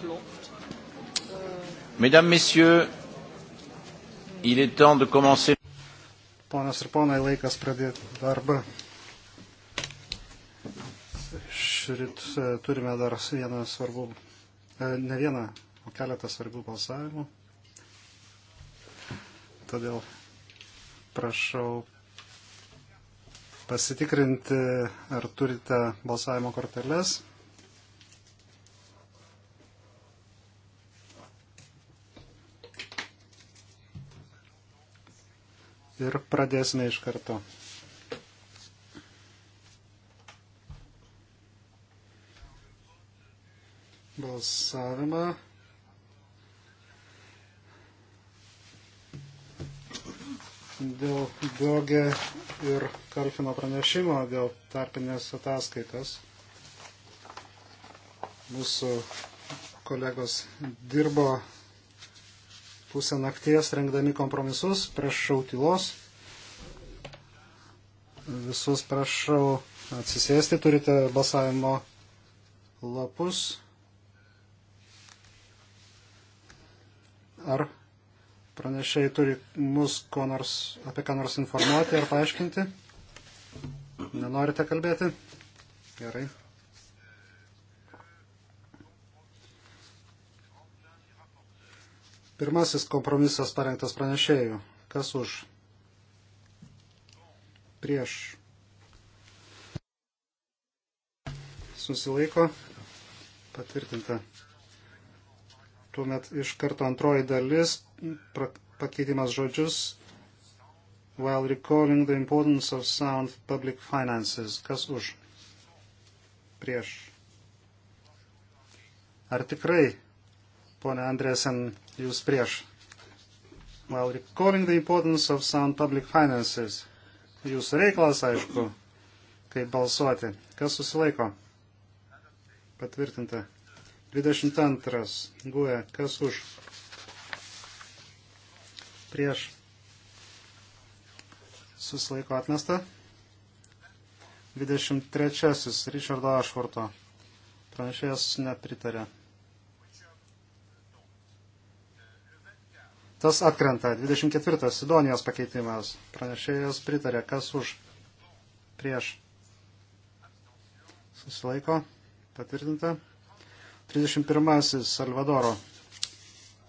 geklopft. Mesdames, Messieurs, il est temps de commencer. Ponas ir ponai, laikas pradėti darbą. Šįryt e, turime dar vieną svarbų, e, ne vieną, o keletą svarbių balsavimų. Todėl prašau pasitikrinti, ar turite balsavimo korteles. ir pradėsime iš karto. Balsavimą. Dėl Biogė ir Kalfino pranešimo dėl tarpinės ataskaitos. Mūsų kolegos dirbo pusę nakties rengdami kompromisus. Prašau tylos. Visus prašau atsisėsti. Turite balsavimo lapus. Ar pranešėjai turi mus ko nors, apie ką nors informuoti ar paaiškinti? Nenorite kalbėti? Gerai. Pirmasis kompromisas parengtas pranešėjų. Kas už? Prieš. Susilaiko. Patvirtinta. Tuomet iš karto antroji dalis, pakeitimas žodžius, while recalling the importance of sound public finances. Kas už? Prieš. Ar tikrai Pone Andresen, jūs prieš. Well, recalling the importance of sound public finances. Jūsų reikalas, aišku, kaip balsuoti. Kas susilaiko? Patvirtinta. 22. Guė, kas už? Prieš. Susilaiko atmesta. 23. Richardo Ašvarto. Pranešėjas nepritarė. Tas atkrenta. 24. Sidonijos pakeitimas. Pranešėjas pritarė. Kas už? Prieš. Susilaiko. Patvirtinta. 31. Salvadoro.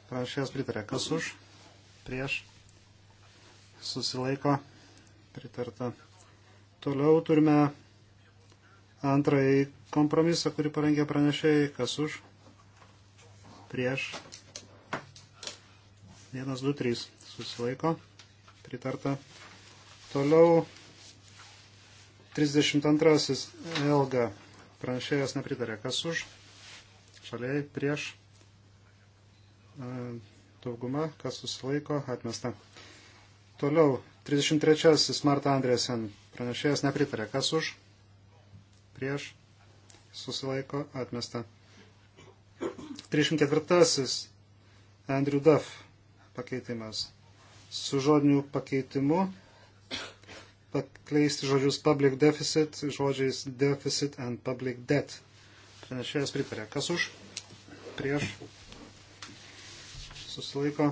Pranešėjas pritarė. Kas už? Prieš. Susilaiko. Pritarta. Toliau turime antrąjį kompromisą, kurį parengė pranešėjai. Kas už? Prieš Vienas, du, trys. Susilaiko. Pritarta. Toliau. 32. Elga. Pranešėjas nepritarė. Kas už? Šaliai prieš. E, dauguma. Kas susilaiko? Atmesta. Toliau. 33. Marta Andrėsen. Pranešėjas nepritarė. Kas už? Prieš. Susilaiko. Atmesta. 34. Andrew Duff pakeitimas. Su žodiniu pakeitimu pakeisti žodžius public deficit žodžiais deficit and public debt. Pranešėjas pritarė. Kas už? Prieš? Susilaiko.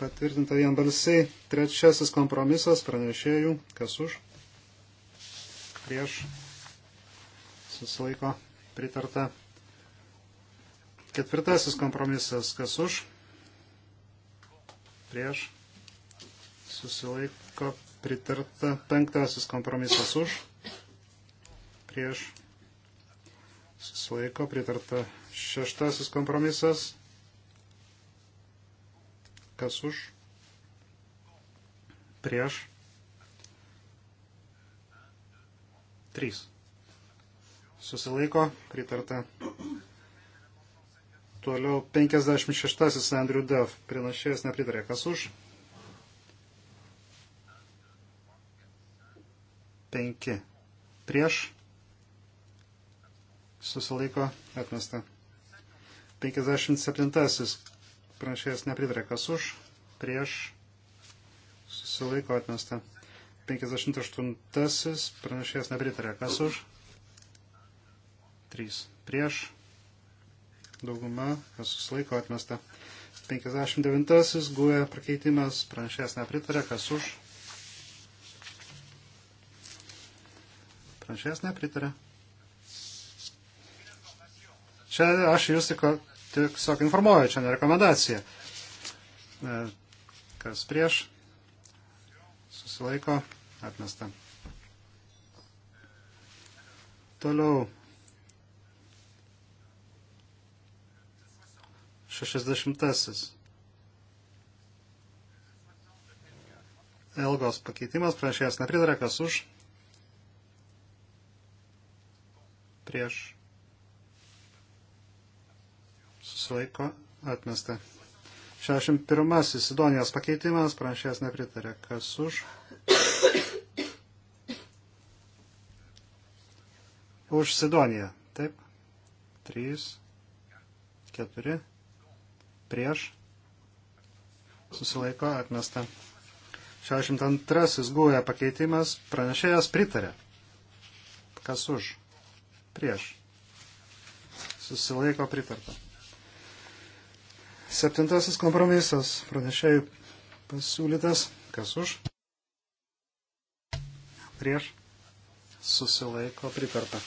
Patvirtinta vienbalsiai. Trečiasis kompromisas pranešėjų. Kas už? Prieš? Susilaiko. Pritarta. Ketvirtasis kompromisas. Kas už? prieš, susilaiko pritarta, penktasis kompromisas už, prieš, susilaiko pritarta, šeštasis kompromisas, kas už, prieš, trys, susilaiko pritarta. Toliau 56-asis Andrew Duff. Prinašėjas nepritarė. Kas už? 5. Prieš. Susilaiko. Atmesta. 57-asis. Pranašėjas nepritarė. Kas už? Prieš. Susilaiko. Atmesta. 58-asis. Pranašėjas nepritarė. Kas už? 3. Prieš dauguma, kas susilaiko atmesta. 59. Guoja e prakeitimas, pranešės nepritarė, kas už. Pranešės nepritarė. Čia aš jūs tik, tiesiog informuoju, čia ne rekomendacija. E, kas prieš? Susilaiko, atmesta. Toliau 60. Elgos pakeitimas, pranešėjas nepridarė, kas už, prieš, susilaiko, atmesta. 61. Sidonijos pakeitimas, pranešėjas nepritarė, kas už. Už Sidoniją, taip. 3, 4, prieš, susilaiko atmesta. 62 guoja pakeitimas, pranešėjas pritarė. Kas už? Prieš. Susilaiko pritarta. Septintasis kompromisas, pranešėjų pasiūlytas. Kas už? Prieš. Susilaiko pritarta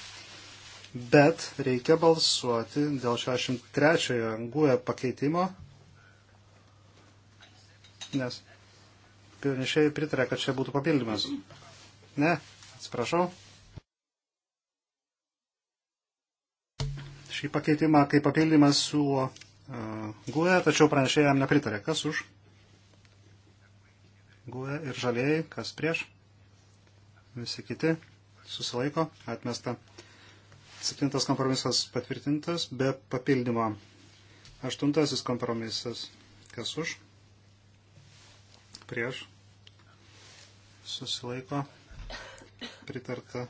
bet reikia balsuoti dėl 63-ojo GUE pakeitimo, nes pirnišėjai pritarė, kad čia būtų papildymas. Ne, atsiprašau. Šį pakeitimą kaip papildymas siūlo uh, e, GUE, tačiau pranešėjai jam nepritarė. Kas už? GUE ir žalėjai, kas prieš? Visi kiti susilaiko, atmesta. Septintas kompromisas patvirtintas be papildymo. Aštuntasis kompromisas. Kas už? Prieš. Susilaiko. Pritarta.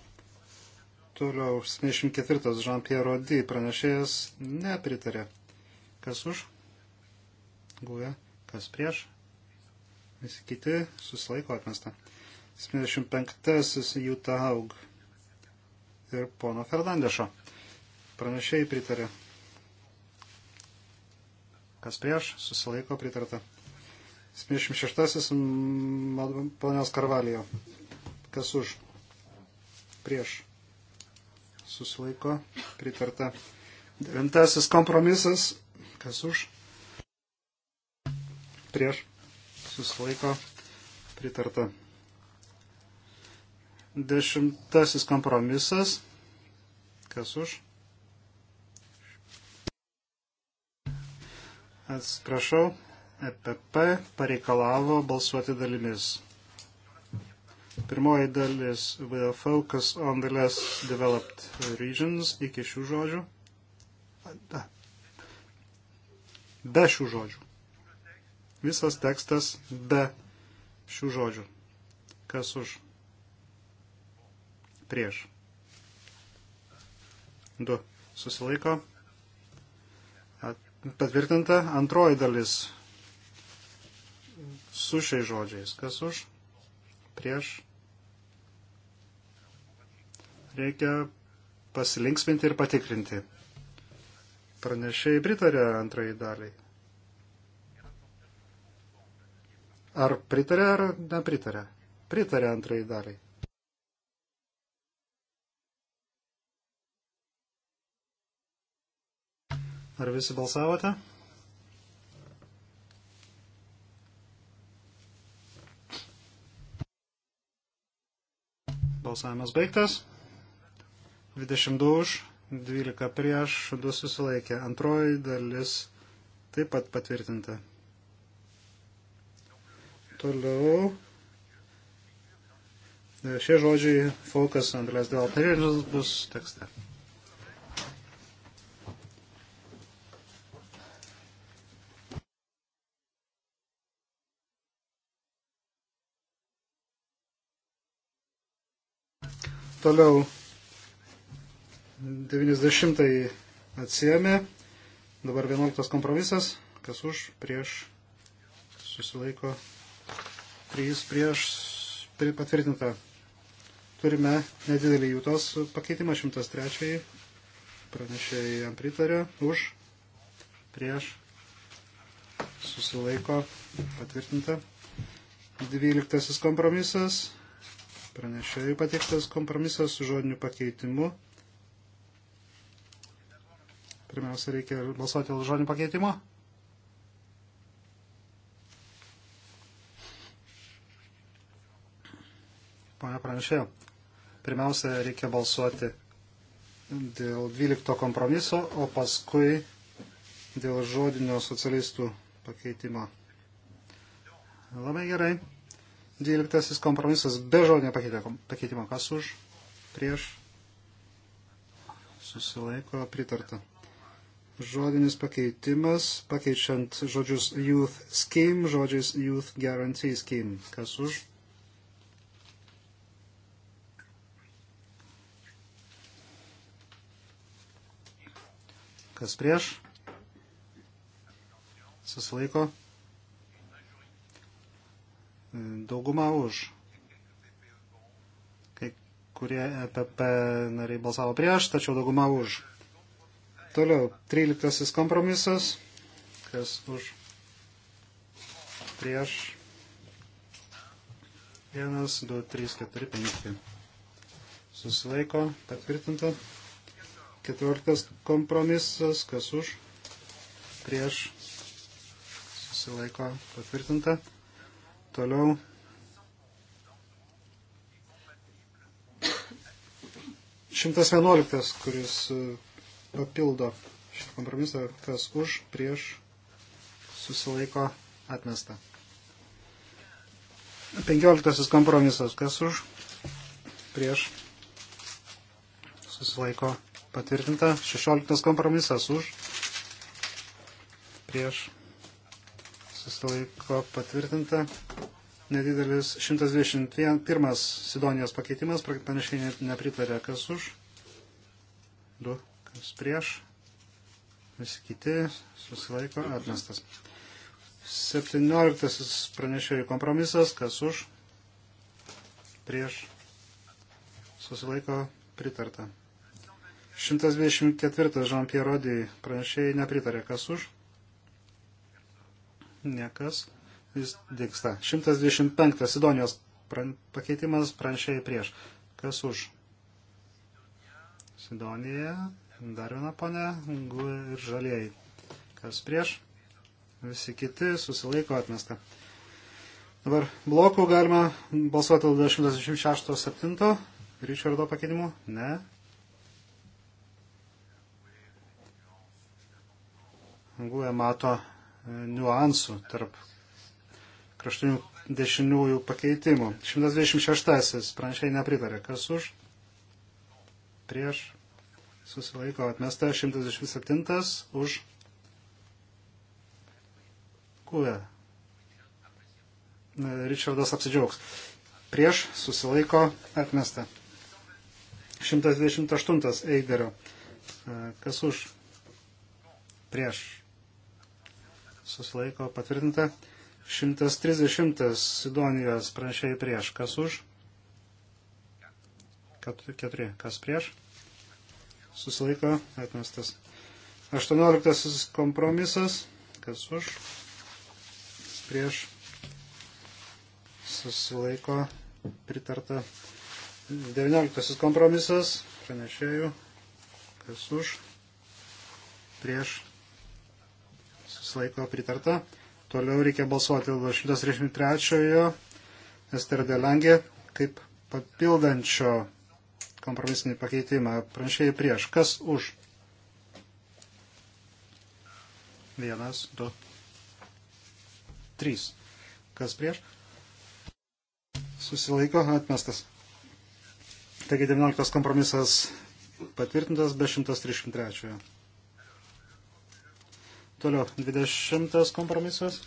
Toliau 74. Jean-Pierre Rodi pranešėjas nepritarė. Kas už? Guvė. Kas prieš? Visi kiti susilaiko atmesta. 75. Juta Haug ir pono Fernandešo. Pranešėjai pritarė. Kas prieš, susilaiko pritarta. 76-asis ponios Karvalijo. Kas už? Prieš. Susilaiko pritarta. Devintasis kompromisas. Kas už? Prieš. Susilaiko pritarta. Dešimtasis kompromisas. Kas už? Atsiprašau, EPP pareikalavo balsuoti dalimis. Pirmoji dalis will focus on the less developed regions iki šių žodžių. Be šių žodžių. Visas tekstas be šių žodžių. Kas už? prieš. 2 susilaiko. Patvirtinta antroji dalis su šiais žodžiais. Kas už? Prieš. Reikia pasilinksminti ir patikrinti. Pranešėjai pritarė antrajai daliai. Ar pritarė ar nepritarė? Pritarė antrajai daliai. Ar visi balsavote? Balsavimas baigtas. 22 už, 12 prieš, 2 susilaikė. Antroji dalis taip pat patvirtinta. Toliau. Šie žodžiai Focus Andrės Deltarijus bus tekste. Toliau 90-ąjį atsijėmė. Dabar 11 kompromisas. Kas už, prieš, susilaiko. 3 prieš, patvirtinta. Turime nedidelį jūtos pakeitimą 103-ąjį. Pranešėjai jam pritarė. Už, prieš, susilaiko, patvirtinta. 12 kompromisas pranešėjų pateiktas kompromisas su žodiniu pakeitimu. Pirmiausia, reikia balsuoti dėl žodinio pakeitimo. Pane pranešėjo, pirmiausia, reikia balsuoti dėl 12 kompromiso, o paskui dėl žodinio socialistų pakeitimo. Labai gerai. Dvyliktasis kompromisas be žodinio pakeitimo. Kas už? Prieš? Susilaiko pritarta. Žodinis pakeitimas, pakeičiant žodžius youth scheme, žodžiais youth guarantee scheme. Kas už? Kas prieš? Susilaiko dauguma už. Kai kurie EPP nariai balsavo prieš, tačiau dauguma už. Toliau, 13 kompromisas. Kas už? Prieš. 1, 2, 3, 4, 5. Susilaiko, patvirtinta. 14 kompromisas. Kas už? Prieš. Susilaiko, patvirtinta. Toliau. Šimtas vienuoliktas, kuris e, papildo šitą kompromisą, kas už, prieš, susilaiko, atmesta. Penkioliktasis kompromisas, kas už, prieš, susilaiko, patvirtinta. Šešioliktas kompromisas už, prieš, susilaiko patvirtinta. Nedidelis 121 Sidonijos pakeitimas, panašiai nepritarė, kas už. 2, kas prieš. Visi kiti susilaiko atmestas. 17 pranešėjų kompromisas, kas už. Prieš. Susilaiko pritarta. 124 Jean-Pierre Rodijai pranešėjai nepritarė, kas už Niekas. Jis dėksta. 125. Sidonijos pran, pakeitimas pranešėjai prieš. Kas už? Sidonija. Dar viena ponė. Gu ir žalieji. Kas prieš? Visi kiti susilaiko atmesta. Dabar blokų galima balsuoti dėl 126.7. Richardo pakeitimų? Ne. Guė mato niuansų tarp kraštinių dešiniųjų pakeitimų. 126. Pranešėjai nepritarė. Kas už? Prieš. Susilaiko atmesta. 127. Už. Kuvė. Richardas apsidžiaugs. Prieš. Susilaiko atmesta. 128. Eiderio. Kas už? Prieš susilaiko patvirtinta. 130 Sidonijos pranešėjai prieš. Kas už? 4. Kas prieš? Susilaiko atmestas. 18 kompromisas. Kas už? Prieš. Susilaiko pritarta. 19 kompromisas. Pranešėjų. Kas už? Prieš susilaiko pritarta. Toliau reikia balsuoti dėl 133-ojo Esterdelangė kaip papildančio kompromisinį pakeitimą. Pranešėjai prieš. Kas už? Vienas, du, trys. Kas prieš? Susilaiko atmestas. Taigi 19 kompromisas patvirtintas be 133. Toliau, 20 kompromisas.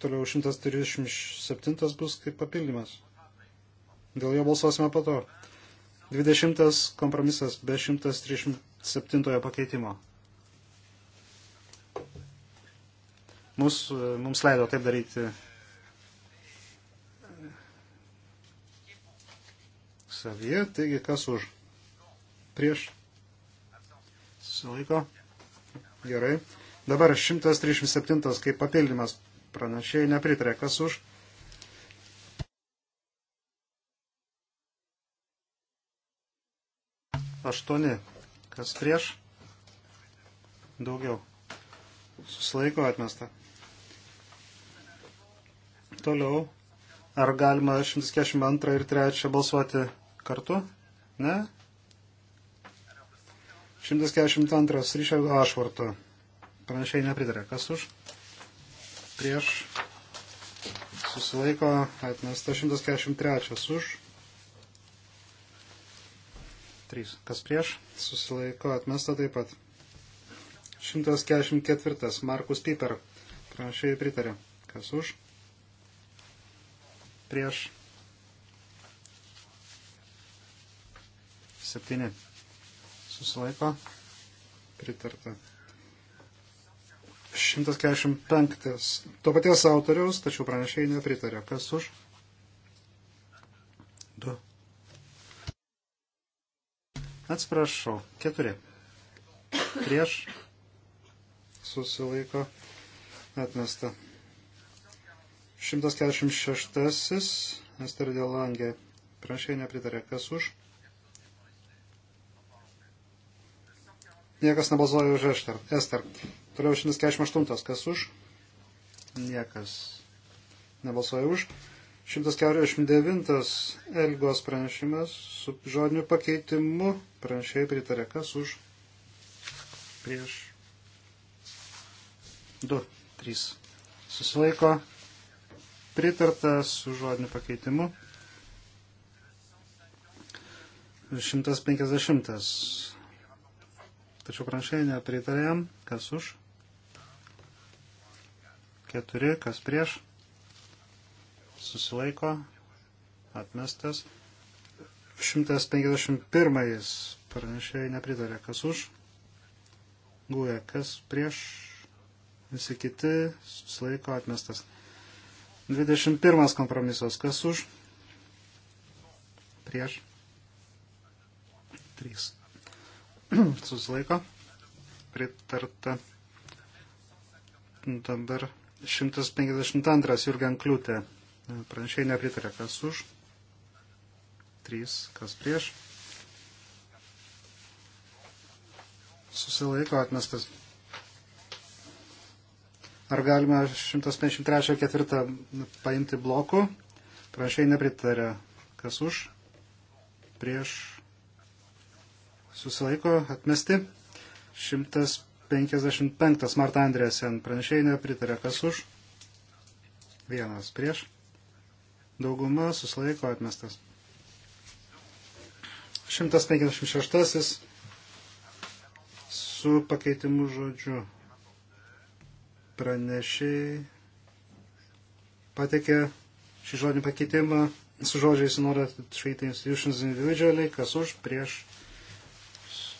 Toliau 137 bus kaip papildymas. Dėl jo balsuosime po to. 20 kompromisas be 137 pakeitimo. Mus, mums leido taip daryti savyje, taigi kas už prieš, susilaiko, gerai. Dabar 137 kaip papildymas pranešėjai nepritarė, kas už. Aštuoni, kas prieš, daugiau, susilaiko atmesta. Toliau, ar galima 142 ir 3 balsuoti kartu? Ne? 142 Richardo Ašvarto. Panašiai nepritarė. Kas už? Prieš. Susilaiko atmesta 143 už. 3. Kas prieš? Susilaiko atmesta taip pat. 144. Markus Piper. Pranešėjai pritarė. Kas už? Prieš. 7 susilaiko pritarta. 145. To paties autoriaus, tačiau pranešėjai nepritarė. Kas už? 2. Atsiprašau. 4. Prieš susilaiko atmesta. 146. Ester Delangė. Pranešėjai nepritarė. Kas už? Niekas nebalsuoja už Ester. Ester. Toliau 148. Kas už? Niekas nebalsuoja už. 149. Elgos pranešimas su žodiniu pakeitimu. Pranešėjai pritarė. Kas už? Prieš. 2, 3. Susilaiko. Pritarta su žodiniu pakeitimu. 150 Tačiau pranešėjai nepritarėm, kas už. Keturi, kas prieš. Susilaiko. Atmestas. 151 pranešėjai nepritarė, kas už. Gūja, kas prieš. Visi kiti susilaiko atmestas. 21 kompromisas, kas už. Prieš. 3 susilaiko, pritarta. Dabar 152 Jurgen Kliūtė. Pranešiai nepritarė, kas už. 3, kas prieš. Susilaiko atmestas. Ar galima 153 ketvirtą paimti blokų? Pranešiai nepritarė, kas už. Prieš susilaiko atmesti. 155 Marta Andrėsen pranešėjai nepritarė, kas už. Vienas prieš. Dauguma susilaiko atmestas. 156 su pakeitimu žodžiu pranešiai patekė šį žodį pakeitimą su žodžiais North Treating Institutions Individually, kas už prieš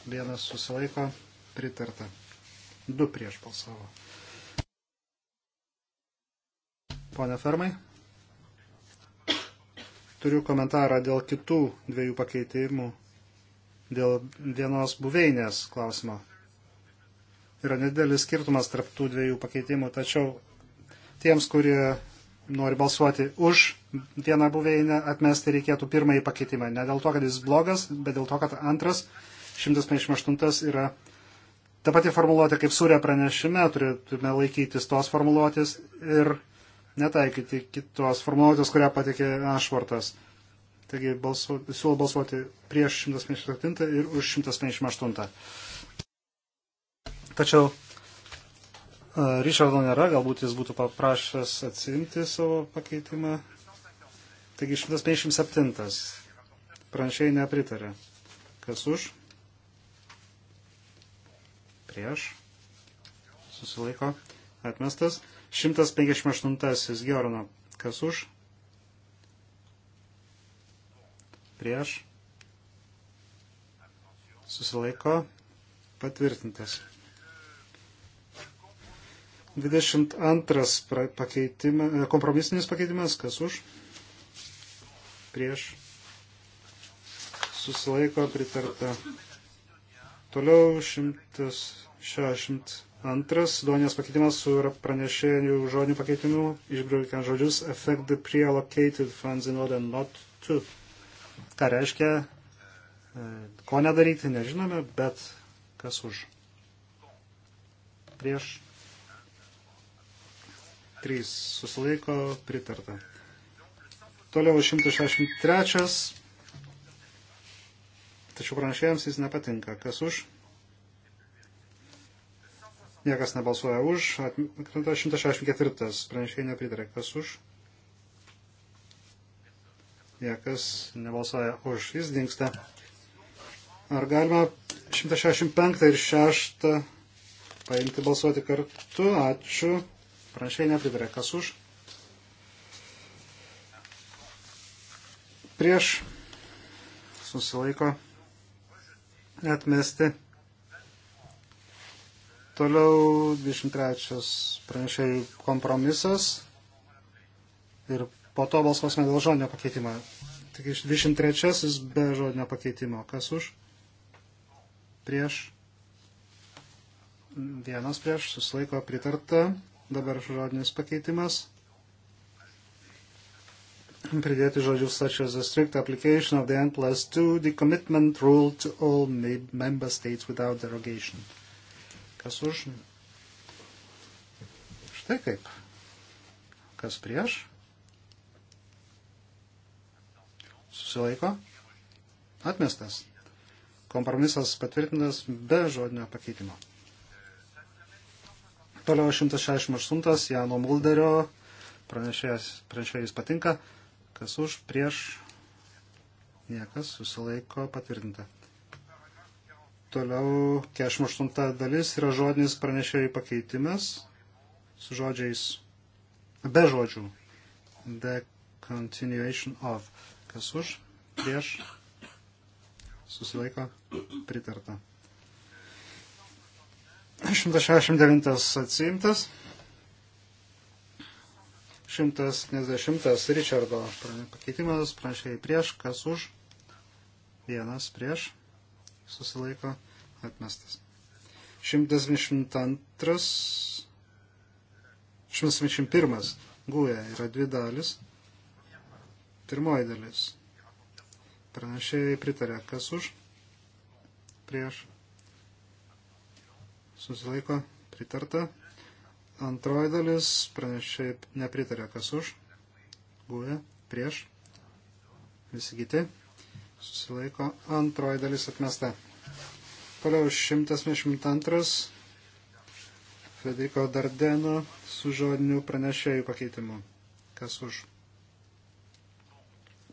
vienas susilaiko, pritarta. Du prieš balsavo. Pone Fermai, turiu komentarą dėl kitų dviejų pakeitimų, dėl vienos buveinės klausimo. Yra nedidelis skirtumas tarp tų dviejų pakeitimų, tačiau tiems, kurie nori balsuoti už vieną buveinę, atmesti reikėtų pirmąjį pakeitimą. Ne dėl to, kad jis blogas, bet dėl to, kad antras 158 yra ta pati formuluotė kaip surė pranešime, turėtume laikytis tos formuluotės ir netaikyti kitos formuluotės, kurią patikė Ašvartas. Taigi balsu, siūlau balsuoti prieš 157 ir už 158. Tačiau Ryšardo nėra, galbūt jis būtų paprašęs atsimti savo pakeitimą. Taigi 157. Pranšiai nepritarė. Kas už? prieš, susilaiko, atmestas. 158 Giorno, kas už, prieš, susilaiko, patvirtintas. 22 pakeitima, kompromisinis pakeitimas, kas už, prieš, susilaiko, pritarta. Toliau 162 duonės pakeitimas su pranešėjų žodinių pakeitimų, išbraukiant žodžius affect the pre-allocated funds in order not to. Ką reiškia, e, ko nedaryti, nežinome, bet kas už. Prieš 3 susilaiko pritarta. Toliau 163 Tačiau pranešėjams jis nepatinka. Kas už? Niekas nebalsuoja už. 164 pranešėjai nepritarė. Kas už? Niekas nebalsuoja už. Jis dinksta. Ar galima 165 ir 6 paimti balsuoti kartu? Ačiū. Pranešėjai nepritarė. Kas už? Prieš. Susilaiko atmesti. Toliau 23 pranešėjų kompromisas ir po to balsuosime dėl žodinio pakeitimo. Tik iš 23 be žodinio pakeitimo. Kas už? Prieš. Vienas prieš, susilaiko pritarta. Dabar žodinis pakeitimas pridėti žodžius such as a strict application of the N plus 2 decommitment rule to all member states without derogation. Kas už? Štai kaip. Kas prieš? Susilaiko? Atmestas. Kompromisas patvirtintas be žodinio pakeitimo. Toliau 168 Jano Mulderio pranešėjas, pranešėjas patinka. Kas už, prieš, niekas, susilaiko patvirtinta. Toliau 48 dalis yra žodinis pranešėjų pakeitimas su žodžiais, be žodžių. The continuation of. Kas už, prieš, susilaiko pritarta. 169 atsiimtas. 170 Richardo pakeitimas, pranešėjai prieš, kas už, vienas prieš, susilaiko, atmestas. 122, 171 gūja yra dvi dalis. Pirmoji dalis. Pranešėjai pritarė, kas už, prieš, susilaiko, pritarta. Antroji dalis pranešiai nepritarė, kas už, buvę, prieš, visi kiti, susilaiko, antroji dalis atmesta. Toliau 122 Federico Dardeno su žodiniu pranešėjų pakeitimu. Kas už?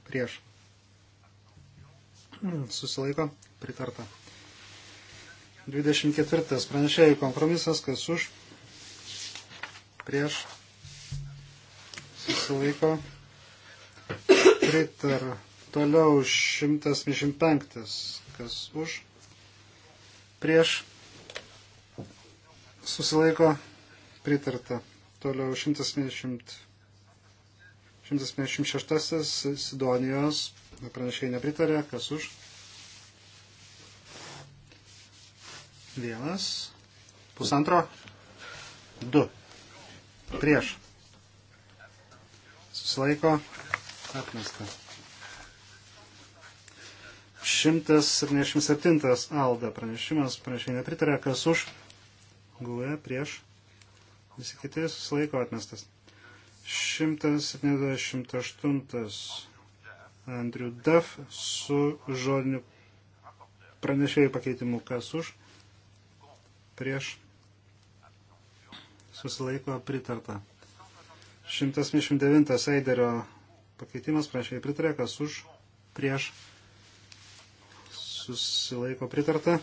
Prieš. Susilaiko, pritarta. 24 pranešėjų kompromisas, kas už, prieš susilaiko pritar. Toliau 125, kas už prieš susilaiko pritarta. Toliau 150. 156 Sidonijos pranešėjai nepritarė, kas už. Vienas, pusantro, du prieš. Susilaiko atmesta. 177 Alda pranešimas, pranešiai nepritarė, kas už, gulė, prieš, visi kiti susilaiko atmestas. 178 Andrew Duff su žodiniu pranešėjų pakeitimu, kas už, prieš, susilaiko pritarta. 129 Eiderio pakeitimas, prašai pritarė, kas už, prieš, susilaiko pritarta.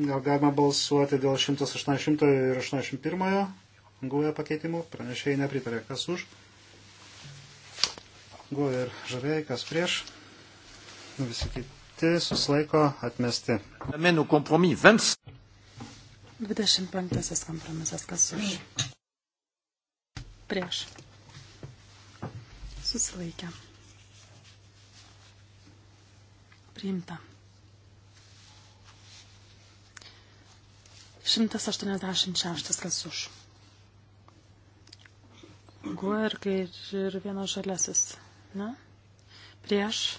Gal galima balsuoti dėl 180 ir 81 guoja pakeitimų, pranešėjai nepritarė, kas už, guoja e ir žavėjai, kas prieš, visi kiti susilaiko atmesti. Menų kompromis 20. 25 kompromisas, kas už. Prieš. Susilaikę. Priimta. 186 kas už. Guo ir, ir vienas žaliasis. Na? Prieš.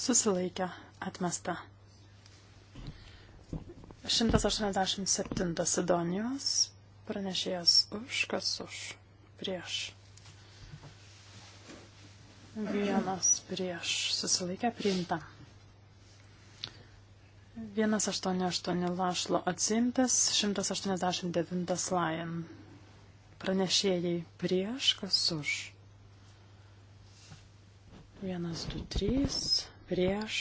Susilaikę. Atmesta. 187 Sidonijos pranešėjas už, kas už, prieš. Vienas prieš susilaikę priimta. 188 Lašlo atsimtas, 189 Lajan. Pranešėjai prieš, kas už. 1, 2, 3, prieš,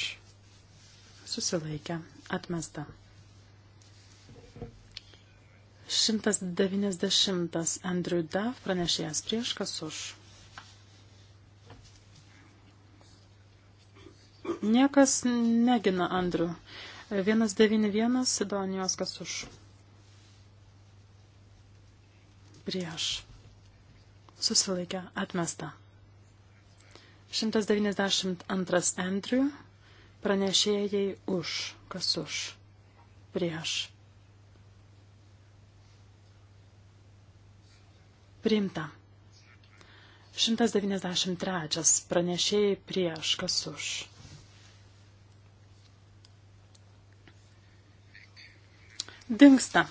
susilaikę, atmesta. 190 Andrew Duff pranešėjas prieš kas už. Niekas negina Andrew. 191 Sidonijos kas už. Prieš. Susilaikę atmesta. 192 Andrew pranešėjai už kas už. Prieš Priimta. 193. Pranešėjai prieš, kas už. Dingsta.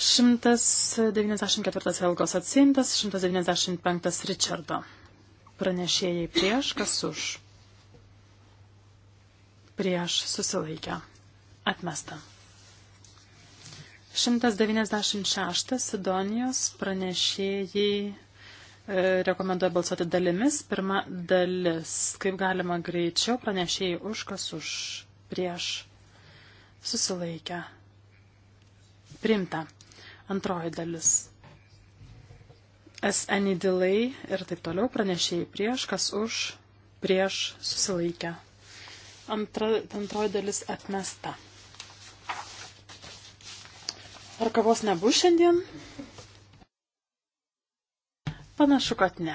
194 Helgos atsimtas, 195 Richardo. Pranešėjai prieš, kas už. Prieš susilaikę. Atmesta. 196 Sidonijos pranešėjai e, rekomenduoja balsuoti dalimis. Pirma dalis. Kaip galima greičiau pranešėjai už, kas už, prieš. Susilaikę. Primta. Antroji dalis. SNI delay ir taip toliau pranešėjai prieš, kas už, prieš, susilaikę. Antra, antroji dalis atmesta. Ar kavos nebus šiandien? Panašu, kad ne.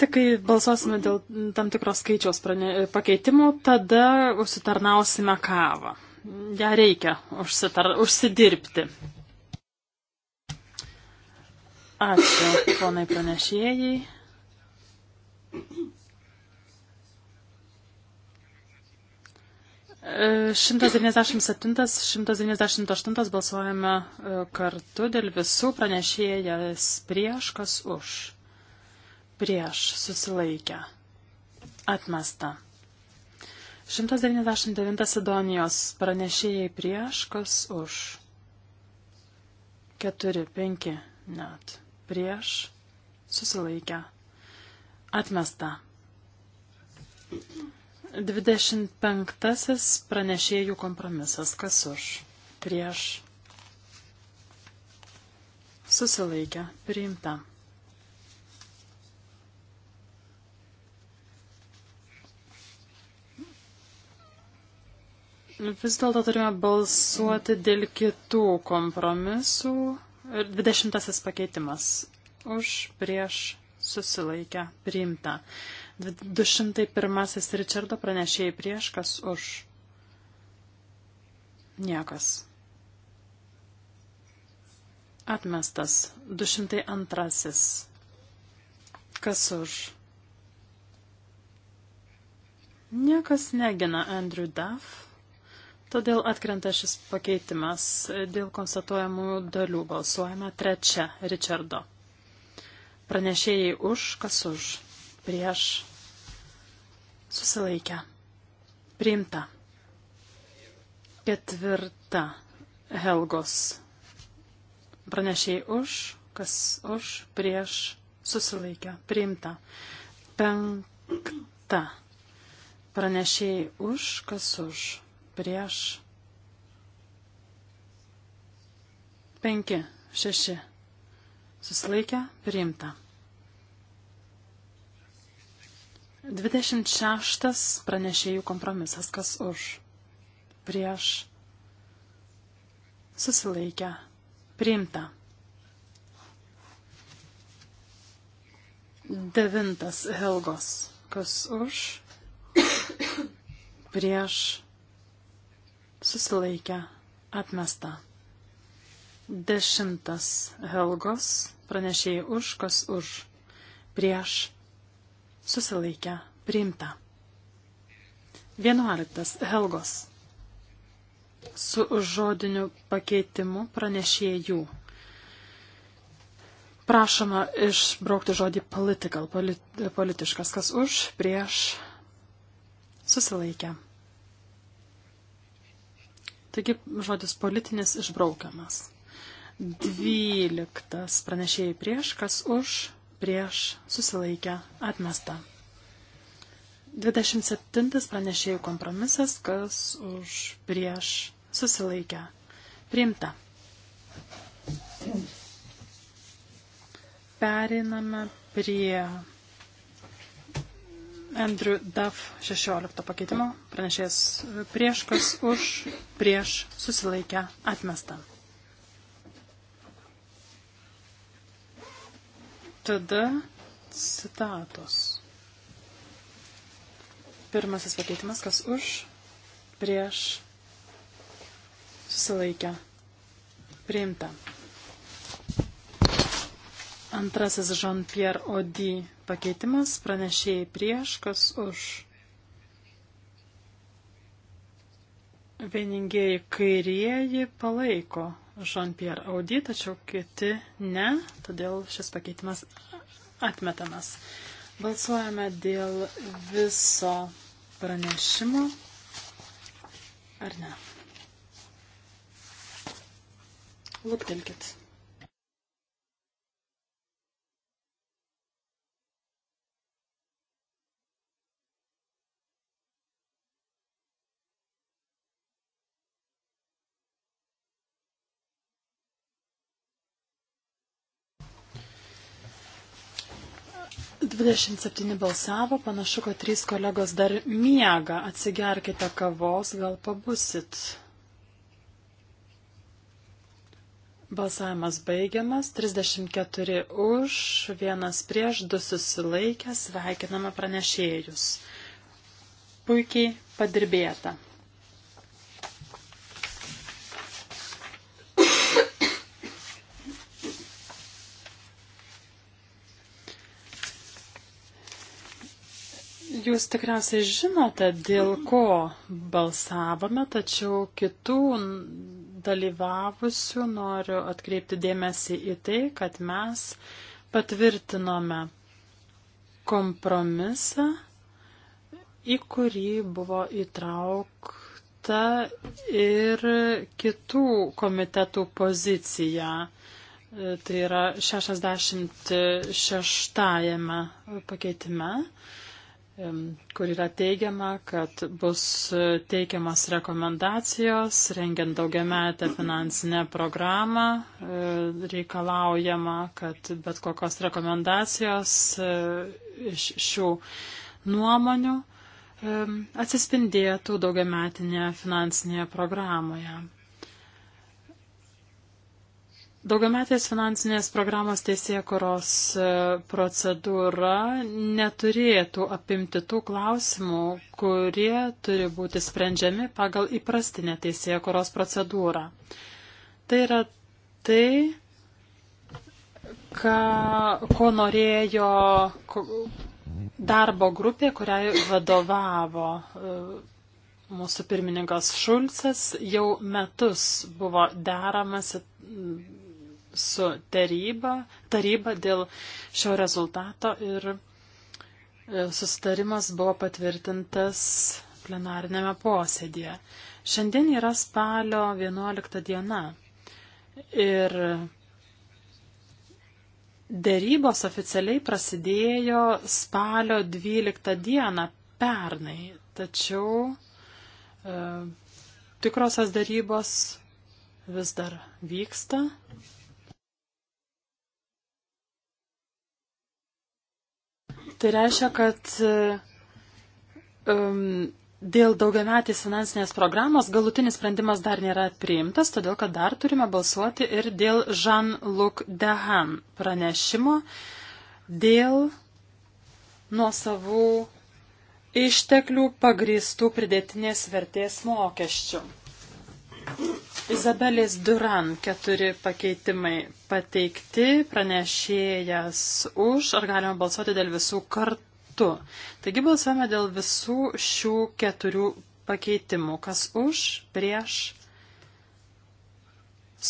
Tik kai balsuosime dėl tam tikros skaičiaus pakeitimų, tada užsitarnausime kavą. Ja reikia užsitar, užsidirbti. Ačiū, ponai pranešėjai. 197-198 balsuojame e, kartu dėl visų pranešėjas prieš, kas už. Prieš susilaikę. Atmesta. 199 Sidonijos pranešėjai prieš, kas už. 4, 5 net. Prieš susilaikę. Atmesta. 25 pranešėjų kompromisas. Kas už? Prieš. Susilaikę. Priimta. Vis dėlto turime balsuoti dėl kitų kompromisų. 20 pakeitimas. Už, prieš, susilaikę, priimta. 201 Ričardo pranešėjai prieš, kas už. Niekas. Atmestas 202. Kas už? Niekas negina Andrew Duff. Todėl atkrenta šis pakeitimas dėl konstatuojamų dalių balsuojama trečia Richardo. Pranešėjai už, kas už prieš susilaikę. Priimta. Ketvirta Helgos pranešiai už, kas už, prieš susilaikę. Priimta. Penkta pranešiai už, kas už, prieš. Penki, šeši. Susilaikę, priimta. 26 pranešėjų kompromisas, kas už, prieš, susilaikę, priimta. Devintas Helgos, kas už, prieš, susilaikę, atmesta. Dešimtas Helgos, pranešėjai už, kas už, prieš, susilaikę, priimta. 11. Helgos. Su žodiniu pakeitimu pranešėjų. Prašoma išbraukti žodį political, politi, politiškas, kas už, prieš, susilaikę. Taigi žodis politinis išbraukiamas. Dvyliktas pranešėjai prieš, kas už, prieš susilaikę atmestą. 27 pranešėjų kompromisas, kas už prieš susilaikę priimta. Periname prie Andrew Duff 16 pakeitimo, pranešėjas prieš, kas už prieš susilaikę atmestą. Tada citatos. Pirmasis pakeitimas, kas už, prieš, susilaikę, priimta. Antrasis Jean-Pierre Odi pakeitimas, pranešėjai prieš, kas už, vieningieji kairieji palaiko Jean-Pierre Audi, tačiau kiti ne, todėl šis pakeitimas atmetamas. Balsuojame dėl viso pranešimo, ar ne? Lūptelkit. 27 balsavo, panašu, kad 3 kolegos dar miega. Atsigerkite kavos, gal pabusit. Balsavimas baigiamas. 34 už, vienas prieš, du susilaikę. Sveikiname pranešėjus. Puikiai padirbėta. jūs tikriausiai žinote, dėl ko balsavome, tačiau kitų dalyvavusių noriu atkreipti dėmesį į tai, kad mes patvirtinome kompromisą, į kurį buvo įtraukta ir kitų komitetų pozicija. Tai yra 66 pakeitime kur yra teigiama, kad bus teikiamas rekomendacijos, rengiant daugiametę finansinę programą, e, reikalaujama, kad bet kokios rekomendacijos e, iš šių nuomonių atsispindėtų daugiametinėje finansinėje programoje. Daugiametės finansinės programos teisėkuros e, procedūra neturėtų apimti tų klausimų, kurie turi būti sprendžiami pagal įprastinę teisėkuros procedūrą. Tai yra tai, ką, ko norėjo darbo grupė, kuriai vadovavo e, mūsų pirmininkas Šulcas, jau metus buvo deramasi su taryba, taryba dėl šio rezultato ir e, sustarimas buvo patvirtintas plenarinėme posėdėje. Šiandien yra spalio 11 diena ir dėrybos oficialiai prasidėjo spalio 12 dieną pernai, tačiau e, tikrosios dėrybos vis dar vyksta. Tai reiškia, kad um, dėl daugiametės finansinės programos galutinis sprendimas dar nėra priimtas, todėl kad dar turime balsuoti ir dėl Jean-Luc Dehan pranešimo dėl nuosavų išteklių pagrįstų pridėtinės vertės mokesčių. Izabelės Duran keturi pakeitimai pateikti, pranešėjas už, ar galima balsuoti dėl visų kartu. Taigi balsuojame dėl visų šių keturių pakeitimų. Kas už, prieš,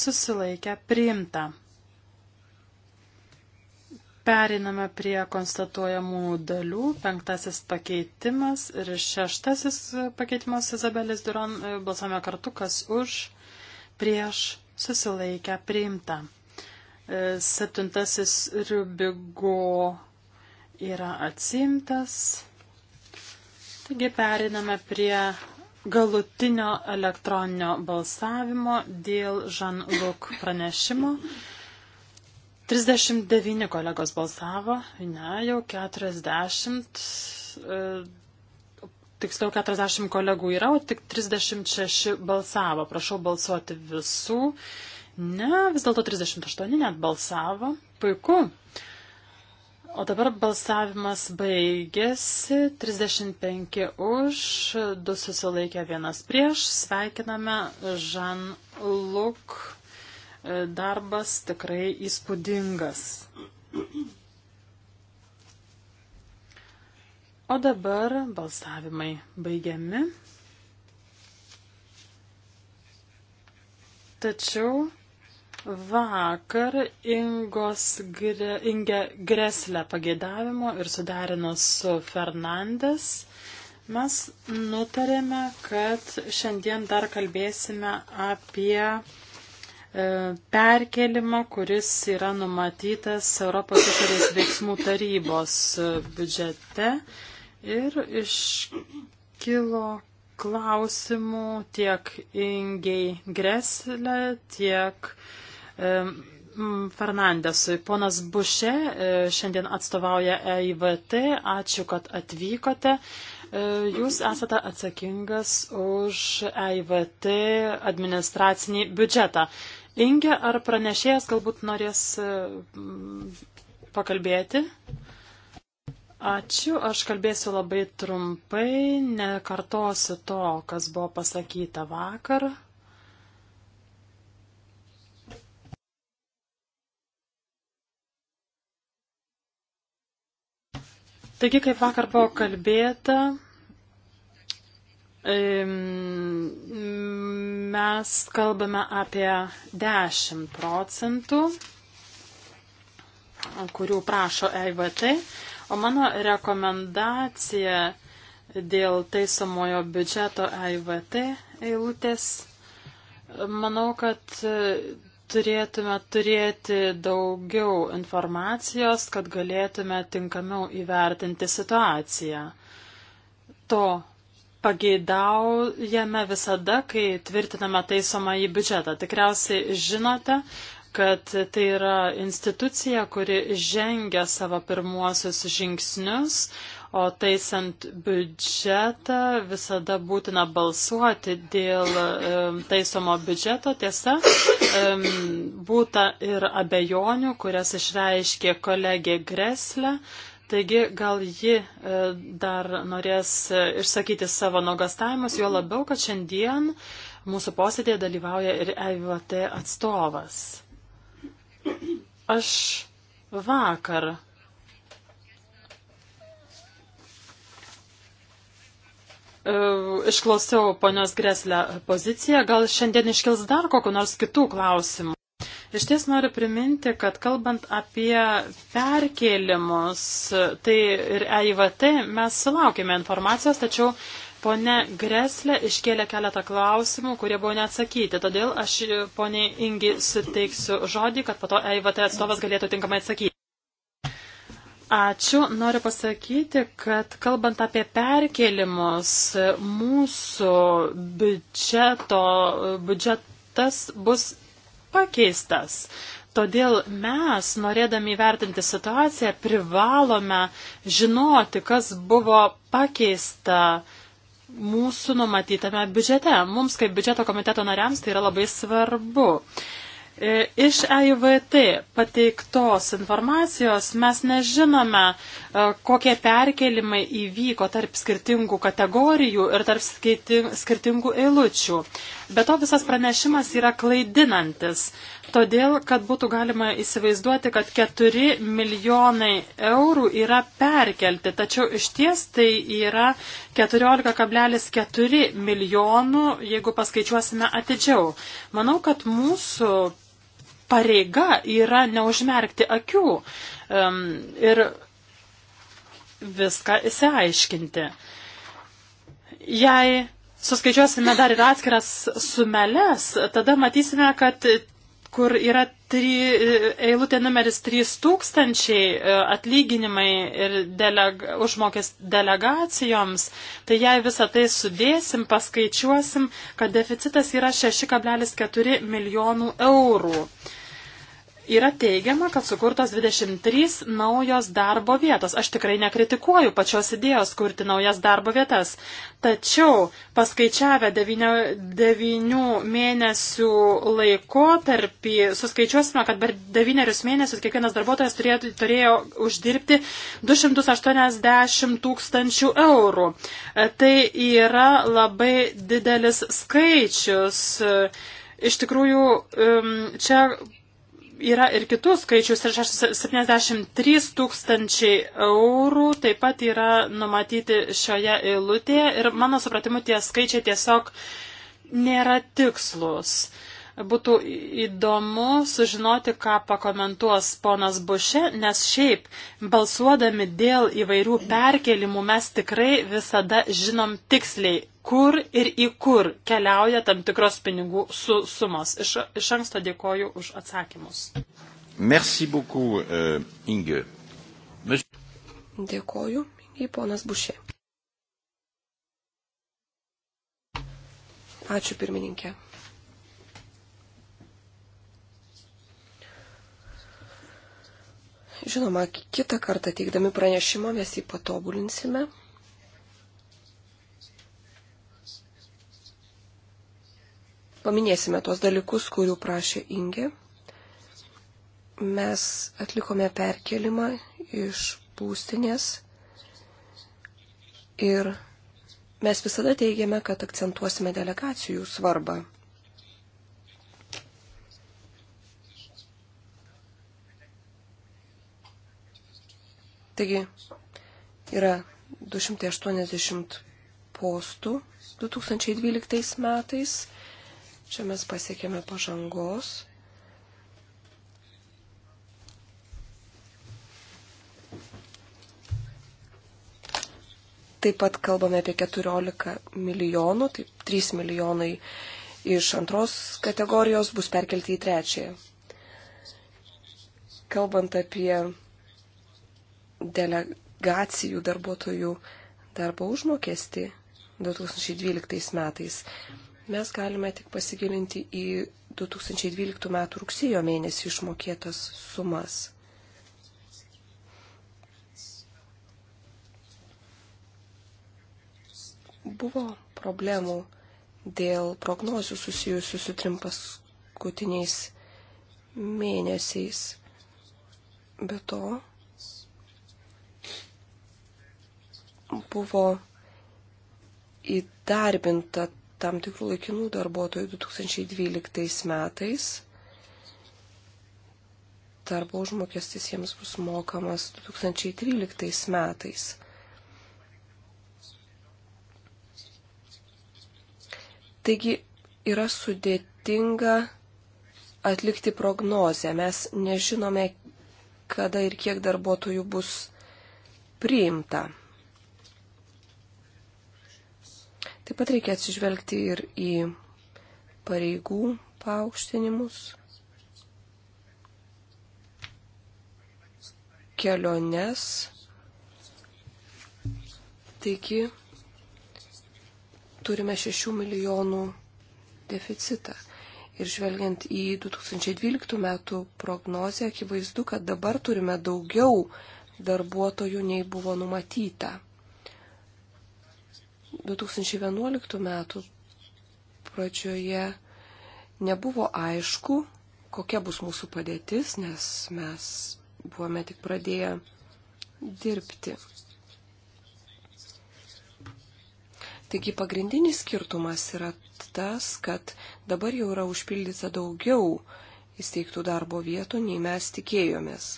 susilaikę, priimta. Periname prie konstatuojamų dalių. Penktasis pakeitimas ir šeštasis pakeitimas Izabelės Duran. Balsame kartu, kas už, prieš susilaikę priimta. E, septintasis Rubigo yra atsimtas. Taigi periname prie galutinio elektroninio balsavimo dėl Žanluk pranešimo. 39 kolegos balsavo, ne, jau 40 tiksliau 40 kolegų yra, o tik 36 balsavo. Prašau balsuoti visų. Ne, vis dėlto 38 net balsavo. Puiku. O dabar balsavimas baigėsi. 35 už, 2 susilaikė, 1 prieš. Sveikiname Žan-Luk. Darbas tikrai įspūdingas. O dabar balsavimai baigiami. Tačiau vakar Ingos Gre, Inge Greslė pagėdavimo ir suderinus su Fernandes mes nutarėme, kad šiandien dar kalbėsime apie e, perkelimą, kuris yra numatytas Europos išorės veiksmų tarybos e, biudžete Ir iškilo klausimų tiek Ingiai Greslė, tiek um, Fernandesui. Ponas Bušė e, šiandien atstovauja EIVT. Ačiū, kad atvykote. E, jūs esate atsakingas už EIVT administracinį biudžetą. Inge, ar pranešėjas galbūt norės e, pakalbėti? Ačiū, aš kalbėsiu labai trumpai, nekartosiu to, kas buvo pasakyta vakar. Taigi, kaip vakar buvo kalbėta, mes kalbame apie 10 procentų, kurių prašo EIVT. O mano rekomendacija dėl taisomojo biudžeto AIVT eilutės, manau, kad e, turėtume turėti daugiau informacijos, kad galėtume tinkamiau įvertinti situaciją. To pageidaujame visada, kai tvirtiname taisomą į biudžetą. Tikriausiai žinote, kad tai yra institucija, kuri žengia savo pirmuosius žingsnius, o taisant biudžetą visada būtina balsuoti dėl taisomo biudžeto. Tiesa, būta ir abejonių, kurias išreiškė kolegė Greslė. Taigi gal ji e, dar norės e, išsakyti savo nuogastavimus, jo labiau, kad šiandien mūsų posėdėje dalyvauja ir EIVT atstovas. Aš vakar e, išklausiau ponios Greslę poziciją, gal šiandien iškils dar kokiu nors kitų klausimų. Iš ties noriu priminti, kad kalbant apie perkėlimus, tai ir EIVT mes sulaukime informacijos, tačiau Pone Greslė iškėlė keletą klausimų, kurie buvo neatsakyti, todėl aš pone Ingi suteiksiu žodį, kad pato EIVT atstovas galėtų tinkamai atsakyti. Ačiū. Noriu pasakyti, kad kalbant apie perkelimus, mūsų biudžeto, biudžetas bus pakeistas. Todėl mes, norėdami įvertinti situaciją, privalome žinoti, kas buvo pakeista uh, mūsų numatytame biudžete. Mums kaip biudžeto komiteto nariams tai yra labai svarbu. E, iš EIVT pateiktos informacijos mes nežinome, e, kokie perkelimai įvyko tarp skirtingų kategorijų ir tarp skirtingų eilučių. Be to visas pranešimas yra klaidinantis, todėl, kad būtų galima įsivaizduoti, kad 4 milijonai eurų yra perkelti, tačiau iš ties tai yra 14,4 milijonų, jeigu paskaičiuosime atidžiau. Manau, kad mūsų pareiga yra neužmerkti akių um, ir viską įsiaiškinti. Jei suskaičiuosime dar ir atskiras sumeles, tada matysime, kad kur yra tri, eilutė numeris 3000 e, atlyginimai ir delega, užmokės delegacijoms, tai jei visą tai sudėsim, paskaičiuosim, kad deficitas yra 6,4 milijonų eurų yra teigiama, kad sukurtos 23 naujos darbo vietos. Aš tikrai nekritikuoju pačios idėjos kurti naujas darbo vietas. Tačiau paskaičiavę 9, 9 mėnesių laikotarpį, suskaičiuosime, kad per 9 mėnesius kiekvienas darbuotojas turėjo, turėjo uždirbti 280 tūkstančių eurų. E, tai yra labai didelis skaičius. E, iš tikrųjų, čia yra ir kitų skaičių, 73 tūkstančiai eurų taip pat yra numatyti šioje eilutėje ir mano supratimu tie skaičiai tiesiog nėra tikslus. Būtų įdomu sužinoti, ką pakomentuos ponas Bušė, nes šiaip balsuodami dėl įvairių perkelimų mes tikrai visada žinom tiksliai, kur ir į kur keliauja tam tikros pinigų su sumos. Iš, iš anksto dėkoju už atsakymus. Merci beaucoup, uh, Inge. Mes... Dėkoju, Inge, ponas Bušė. Ačiū pirmininkė. Žinoma, kitą kartą teikdami pranešimą mes jį patobulinsime. paminėsime tuos dalykus, kurių prašė Inge. Mes atlikome perkelimą iš būstinės ir mes visada teigiame, kad akcentuosime delegacijų svarbą. Taigi yra 280 postų 2012 metais Čia mes pasiekėme pažangos. Taip pat kalbame apie 14 milijonų, tai 3 milijonai iš antros kategorijos bus perkelti į trečiąją. Kalbant apie delegacijų darbuotojų darbo užmokestį 2012 metais, Mes galime tik pasigilinti į 2012 m. rugsėjo mėnesį išmokėtas sumas. Buvo problemų dėl prognozių susijusių su trim paskutiniais mėnesiais. Be to, buvo įdarbinta tam tikrų laikinų darbuotojų 2012 metais. Darbo užmokestis jiems bus mokamas 2013 metais. Taigi yra sudėtinga atlikti prognozę. Mes nežinome, kada ir kiek darbuotojų bus priimta. Taip pat reikia atsižvelgti ir į pareigų paaukštinimus, keliones. Taigi turime 6 milijonų deficitą. Ir žvelgiant į 2012 metų prognozę, akivaizdu, kad dabar turime daugiau darbuotojų, nei buvo numatyta. 2011 metų pradžioje nebuvo aišku, kokia bus mūsų padėtis, nes mes buvome tik pradėję dirbti. Taigi pagrindinis skirtumas yra tas, kad dabar jau yra užpildyta daugiau įsteigtų darbo vietų, nei mes tikėjomės.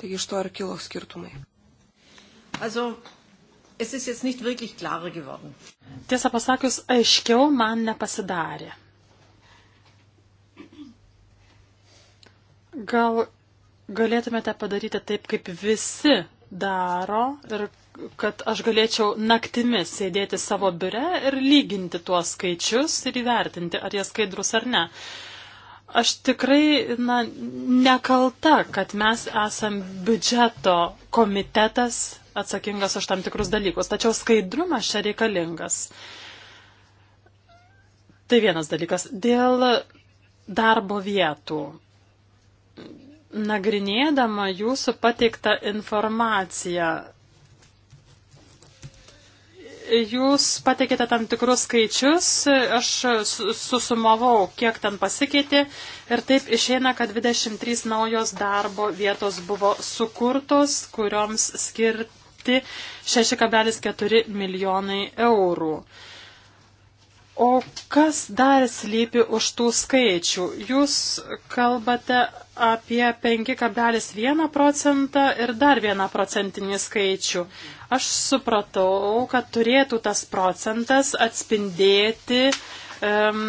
Taigi iš to ir kilo skirtumai. Also, es ist jetzt nicht wirklich klarer geworden. Tiesą pasakius, aiškiau man nepasidarė. Gal galėtumėte padaryti taip, kaip visi daro ir kad aš galėčiau naktimis sėdėti savo biure ir lyginti tuos skaičius ir įvertinti, ar jie skaidrus ar ne. Uh, Aš tikrai na, nekalta, kad mes esam biudžeto komitetas atsakingas už tam tikrus dalykus, tačiau skaidrumas čia reikalingas. Tai vienas dalykas. Dėl darbo vietų. Nagrinėdama jūsų pateiktą informaciją, jūs pateikėte tam tikrus skaičius, aš susumavau, kiek ten pasikeitė ir taip išeina, kad 23 naujos darbo vietos buvo sukurtos, kurioms skirti 6,4 milijonai eurų. O kas dar slypi už tų skaičių? Jūs kalbate apie 5,1 procentą ir dar vieną procentinį skaičių. Aš supratau, kad turėtų tas procentas atspindėti um,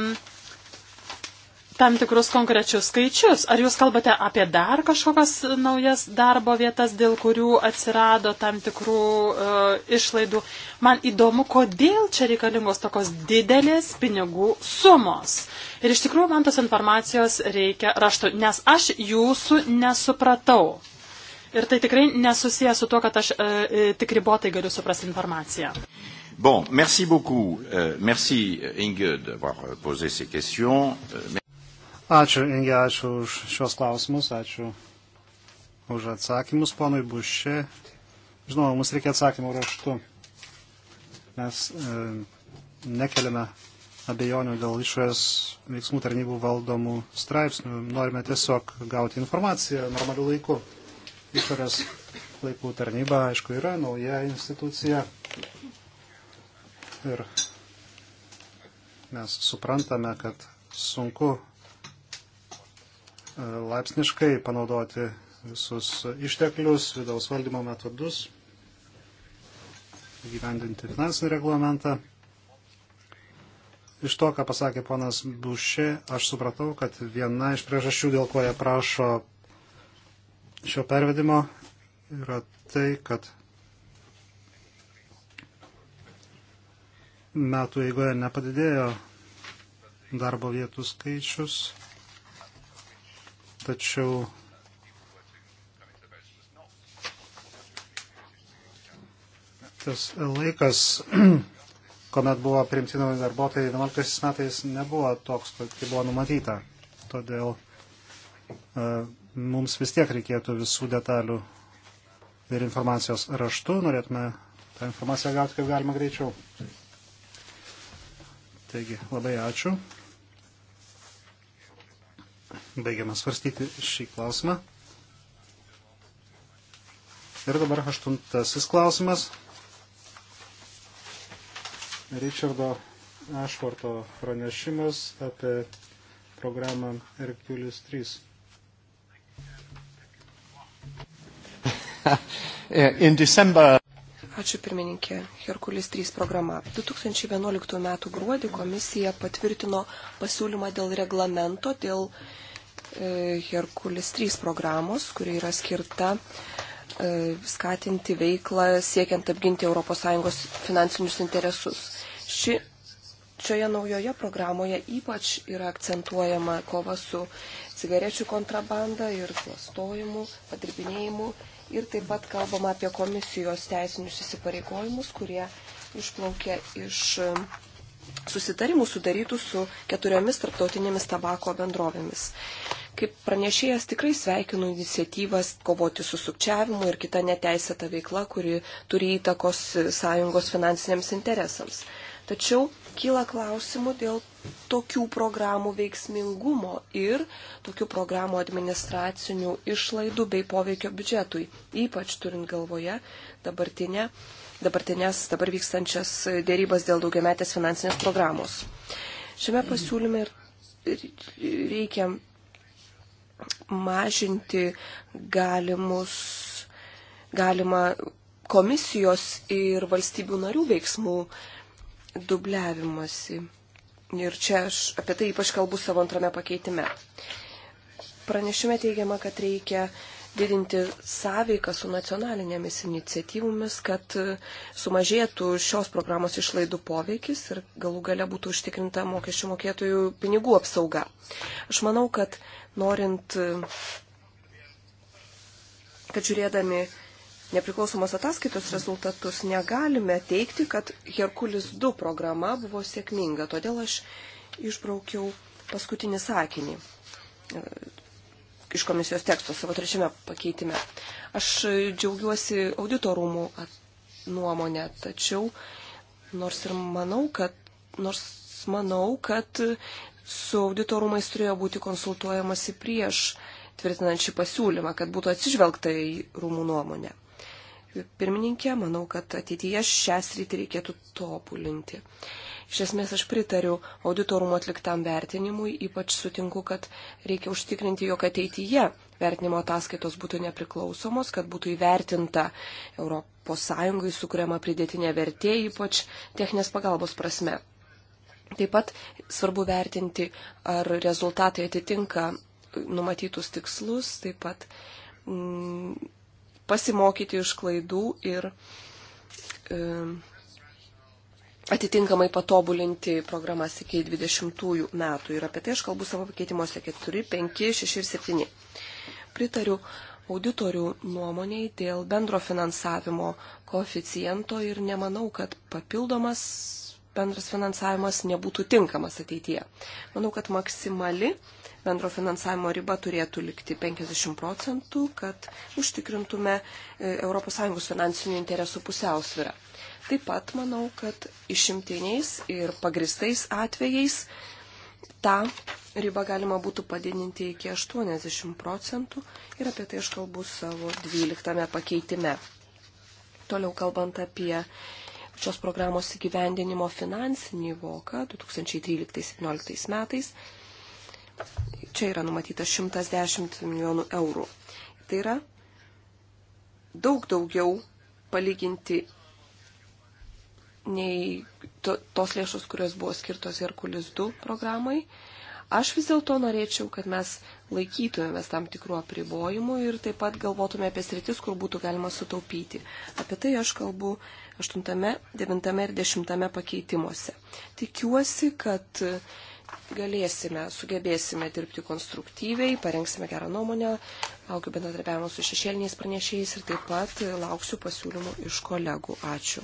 tam tikrus konkrečius skaičius. Ar jūs kalbate apie dar kažkokias naujas darbo vietas, dėl kurių atsirado tam tikrų uh, išlaidų? Man įdomu, kodėl čia reikalingos tokios didelės pinigų sumos. Ir iš tikrųjų man tos informacijos reikia raštu, nes aš jūsų nesupratau. Ir tai tikrai nesusiję su tuo, kad aš uh, tik ribotai galiu suprasti informaciją. Bon, merci beaucoup. Euh, merci Inge d'avoir posé ces questions. Euh, Ačiū, Inge, ačiū už šios klausimus, ačiū už atsakymus, ponui Bušė. Žinoma, mums reikia atsakymų raštu. Mes e, nekeliame abejonių dėl išorės veiksmų tarnybų valdomų straipsnių. Norime tiesiog gauti informaciją normaliu laiku. Išorės laikų tarnyba, aišku, yra nauja institucija. Ir mes suprantame, kad sunku E, laipsniškai panaudoti visus išteklius, vidaus valdymo metodus, gyvendinti finansinį reglamentą. Iš to, ką pasakė ponas Bušė, aš supratau, kad viena iš priežasčių, dėl ko jie prašo šio pervedimo, yra tai, kad metų eigoje nepadidėjo darbo vietų skaičius Tačiau tas laikas, kuomet buvo priimti nauji darbuotojai 11 metais, nebuvo toks, kaip buvo numatyta. Todėl e, mums vis tiek reikėtų visų detalių ir informacijos raštu, norėtume tą informaciją gauti kaip galima greičiau. Taigi, labai ačiū. Baigiame svarstyti šį klausimą. Ir dabar aštuntasis klausimas. Richardo Ašvarto pranešimas apie programą Hercules 3. In December Ačiū pirmininkė. Herkulis 3 programa. 2011 m. gruodį komisija patvirtino pasiūlymą dėl reglamento, dėl E, Herkulis 3 programos, kuri yra skirta e, skatinti veiklą siekiant apginti ES finansinius interesus. Ši, šioje naujoje programoje ypač yra akcentuojama kova su cigarečių kontrabanda ir klastojimu, padirbinėjimu ir taip pat kalbama apie komisijos teisinius įsipareigojimus, kurie išplaukia iš susitarimų sudarytų su keturiomis tarptautinėmis tabako bendrovėmis. Kaip pranešėjas tikrai sveikinu iniciatyvas kovoti su sukčiavimu ir kita neteisėta veikla, kuri turi įtakos sąjungos finansiniams interesams. Tačiau kyla klausimų dėl tokių programų veiksmingumo ir tokių programų administracinių išlaidų bei poveikio biudžetui, ypač turint galvoje dabartinę dabartinės, dabar vykstančias dėrybas dėl daugiametės finansinės programos. Šiame pasiūlyme reikia mažinti galimus, galima komisijos ir valstybių narių veiksmų dubliavimasi. Ir čia aš apie tai ypač kalbu savo antrame pakeitime. Pranešime teigiama, kad reikia didinti sąveiką su nacionalinėmis iniciatyvomis, kad sumažėtų šios programos išlaidų poveikis ir galų gale būtų užtikrinta mokesčių mokėtojų pinigų apsauga. Aš manau, kad norint, kad žiūrėdami nepriklausomos ataskaitos rezultatus negalime teikti, kad Herkulis 2 programa buvo sėkminga. Todėl aš išbraukiau paskutinį sakinį iš komisijos teksto savo trečiame pakeitime. Aš džiaugiuosi auditorumų nuomonę, tačiau nors ir manau, kad, nors manau, kad su auditorumais turėjo būti konsultuojamasi prieš tvirtinant šį pasiūlymą, kad būtų atsižvelgta į rūmų nuomonę. Pirmininkė, manau, kad ateityje šią sritį reikėtų tobulinti. To Iš esmės aš pritariu auditorumo atliktam vertinimui, ypač sutinku, kad reikia užtikrinti, jog ateityje vertinimo ataskaitos būtų nepriklausomos, kad būtų įvertinta ES sukuriama pridėtinė vertė, ypač techninės pagalbos prasme. Taip pat svarbu vertinti, ar rezultatai atitinka numatytus tikslus, taip pat mm, pasimokyti iš klaidų ir mm, atitinkamai patobulinti programas iki 20 metų. Ir apie tai aš kalbu savo pakeitimuose 4, 5, 6 ir 7. Pritariu auditorių nuomoniai dėl bendro finansavimo koeficiento ir nemanau, kad papildomas bendras finansavimas nebūtų tinkamas ateityje. Manau, kad maksimali bendro finansavimo riba turėtų likti 50 procentų, kad užtikrintume ES finansinių interesų pusiausvyrą. Taip pat manau, kad išimtiniais ir pagristais atvejais tą ribą galima būtų padidinti iki 80 procentų ir apie tai aš kalbu savo 12 pakeitime. Toliau kalbant apie šios programos įgyvendinimo finansinį voką 2013-2017 metais, čia yra numatyta 110 milijonų eurų. Tai yra daug daugiau palyginti nei to, tos lėšos, kurios buvo skirtos Herkulis 2 programai. Aš vis dėlto norėčiau, kad mes laikytumėmės tam tikrų apribojimų ir taip pat galvotume apie sritis, kur būtų galima sutaupyti. Apie tai aš kalbu 8, 9 ir 10 pakeitimuose. Tikiuosi, kad galėsime, sugebėsime dirbti konstruktyviai, parengsime gerą nuomonę, laukiu bendradarbiavimo su šešėliniais pranešėjais ir taip pat lauksiu pasiūlymų iš kolegų. Ačiū.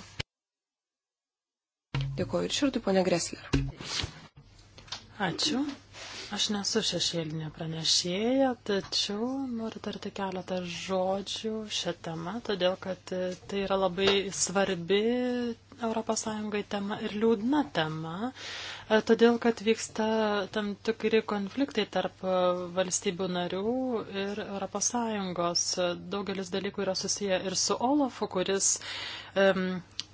Dėkuoju ir širdui, ponė Gresler. Ačiū. Aš nesu šešėlinė pranešėja, tačiau noriu tarti keletą žodžių šią temą, todėl kad tai yra labai svarbi ES tema ir liūdna tema, todėl kad vyksta tam tikri konfliktai tarp valstybių narių ir ES. Daugelis dalykų yra susiję ir su Olafu, kuris um,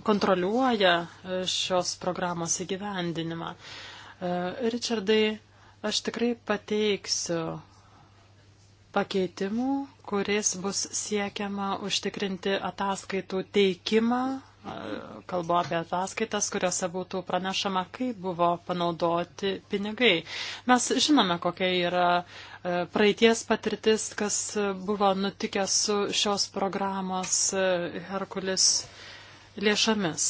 kontroliuoja e, šios programos įgyvendinimą. E, Richardai, aš tikrai pateiksiu pakeitimų, kuriais bus siekiama užtikrinti ataskaitų teikimą. E, kalbu apie ataskaitas, kuriuose būtų pranešama, kaip buvo panaudoti pinigai. Mes žinome, kokia yra praeities patirtis, kas buvo nutikę su šios programos Herkulis lėšomis.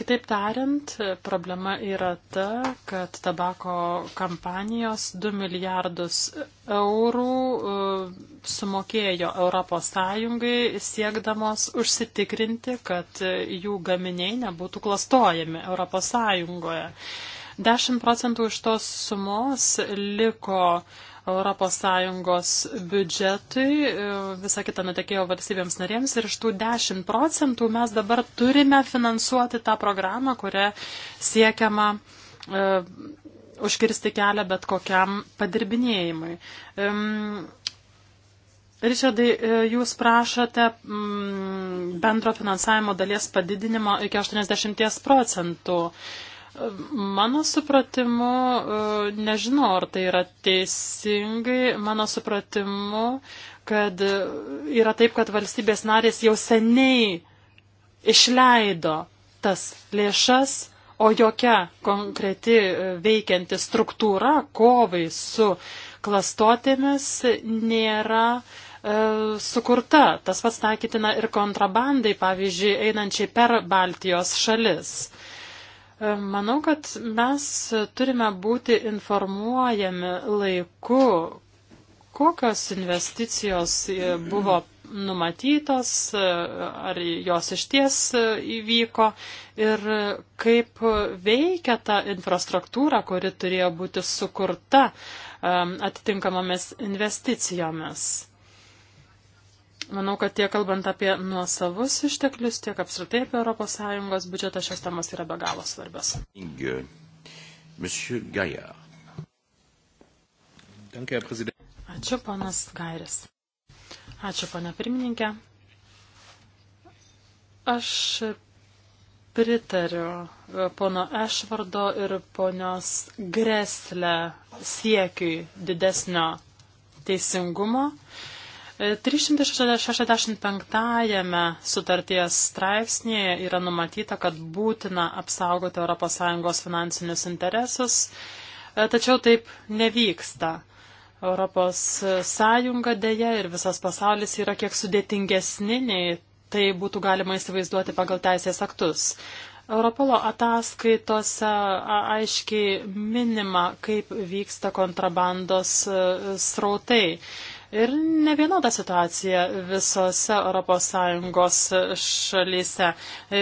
Kitaip tariant, problema yra ta, kad tabako kampanijos 2 milijardus eurų e, sumokėjo Europos Sąjungai siekdamos užsitikrinti, kad jų gaminiai nebūtų klastojami Europos Sąjungoje. 10 procentų iš tos sumos liko uh, ES biudžetui, visa kita nutekėjo valstybėms narėms ir iš tų 10 procentų mes dabar turime finansuoti tą programą, kurią siekiama uh, užkirsti kelią bet kokiam padirbinėjimui. Um, Ričardai, e, jūs prašote bendro finansavimo dalies padidinimo iki 80 procentų. Mano supratimu, e, nežinau, ar tai yra teisingai, mano supratimu, kad yra taip, kad valstybės narės jau seniai išleido tas lėšas, o jokia konkreti e, veikianti struktūra kovai su klastotėmis nėra e, sukurta. Tas pats taikytina ir kontrabandai, pavyzdžiui, einančiai per Baltijos šalis. Manau, kad mes turime būti informuojami laiku, kokios investicijos buvo numatytos, ar jos išties įvyko ir kaip veikia ta infrastruktūra, kuri turėjo būti sukurta um, atitinkamomis investicijomis. Manau, kad tiek kalbant apie nuosavus išteklius, tiek apsritai apie ES biudžetą šios temas yra be galo svarbios. Ačiū, panas Gairis. Ačiū, pana pirmininkė. Aš pritariu e, pono Ešvardo ir ponios Greslę siekiui didesnio teisingumo. Uh, 365 sutarties straipsnėje yra numatyta, kad būtina apsaugoti ES finansinius interesus, e, tačiau taip nevyksta. ES dėja ir visas pasaulis yra kiek sudėtingesni, nei tai būtų galima įsivaizduoti pagal teisės aktus. Europolo ataskaitose aiškiai minima, kaip vyksta kontrabandos e, srautai. Ir ne vienoda situacija visose ES šalyse.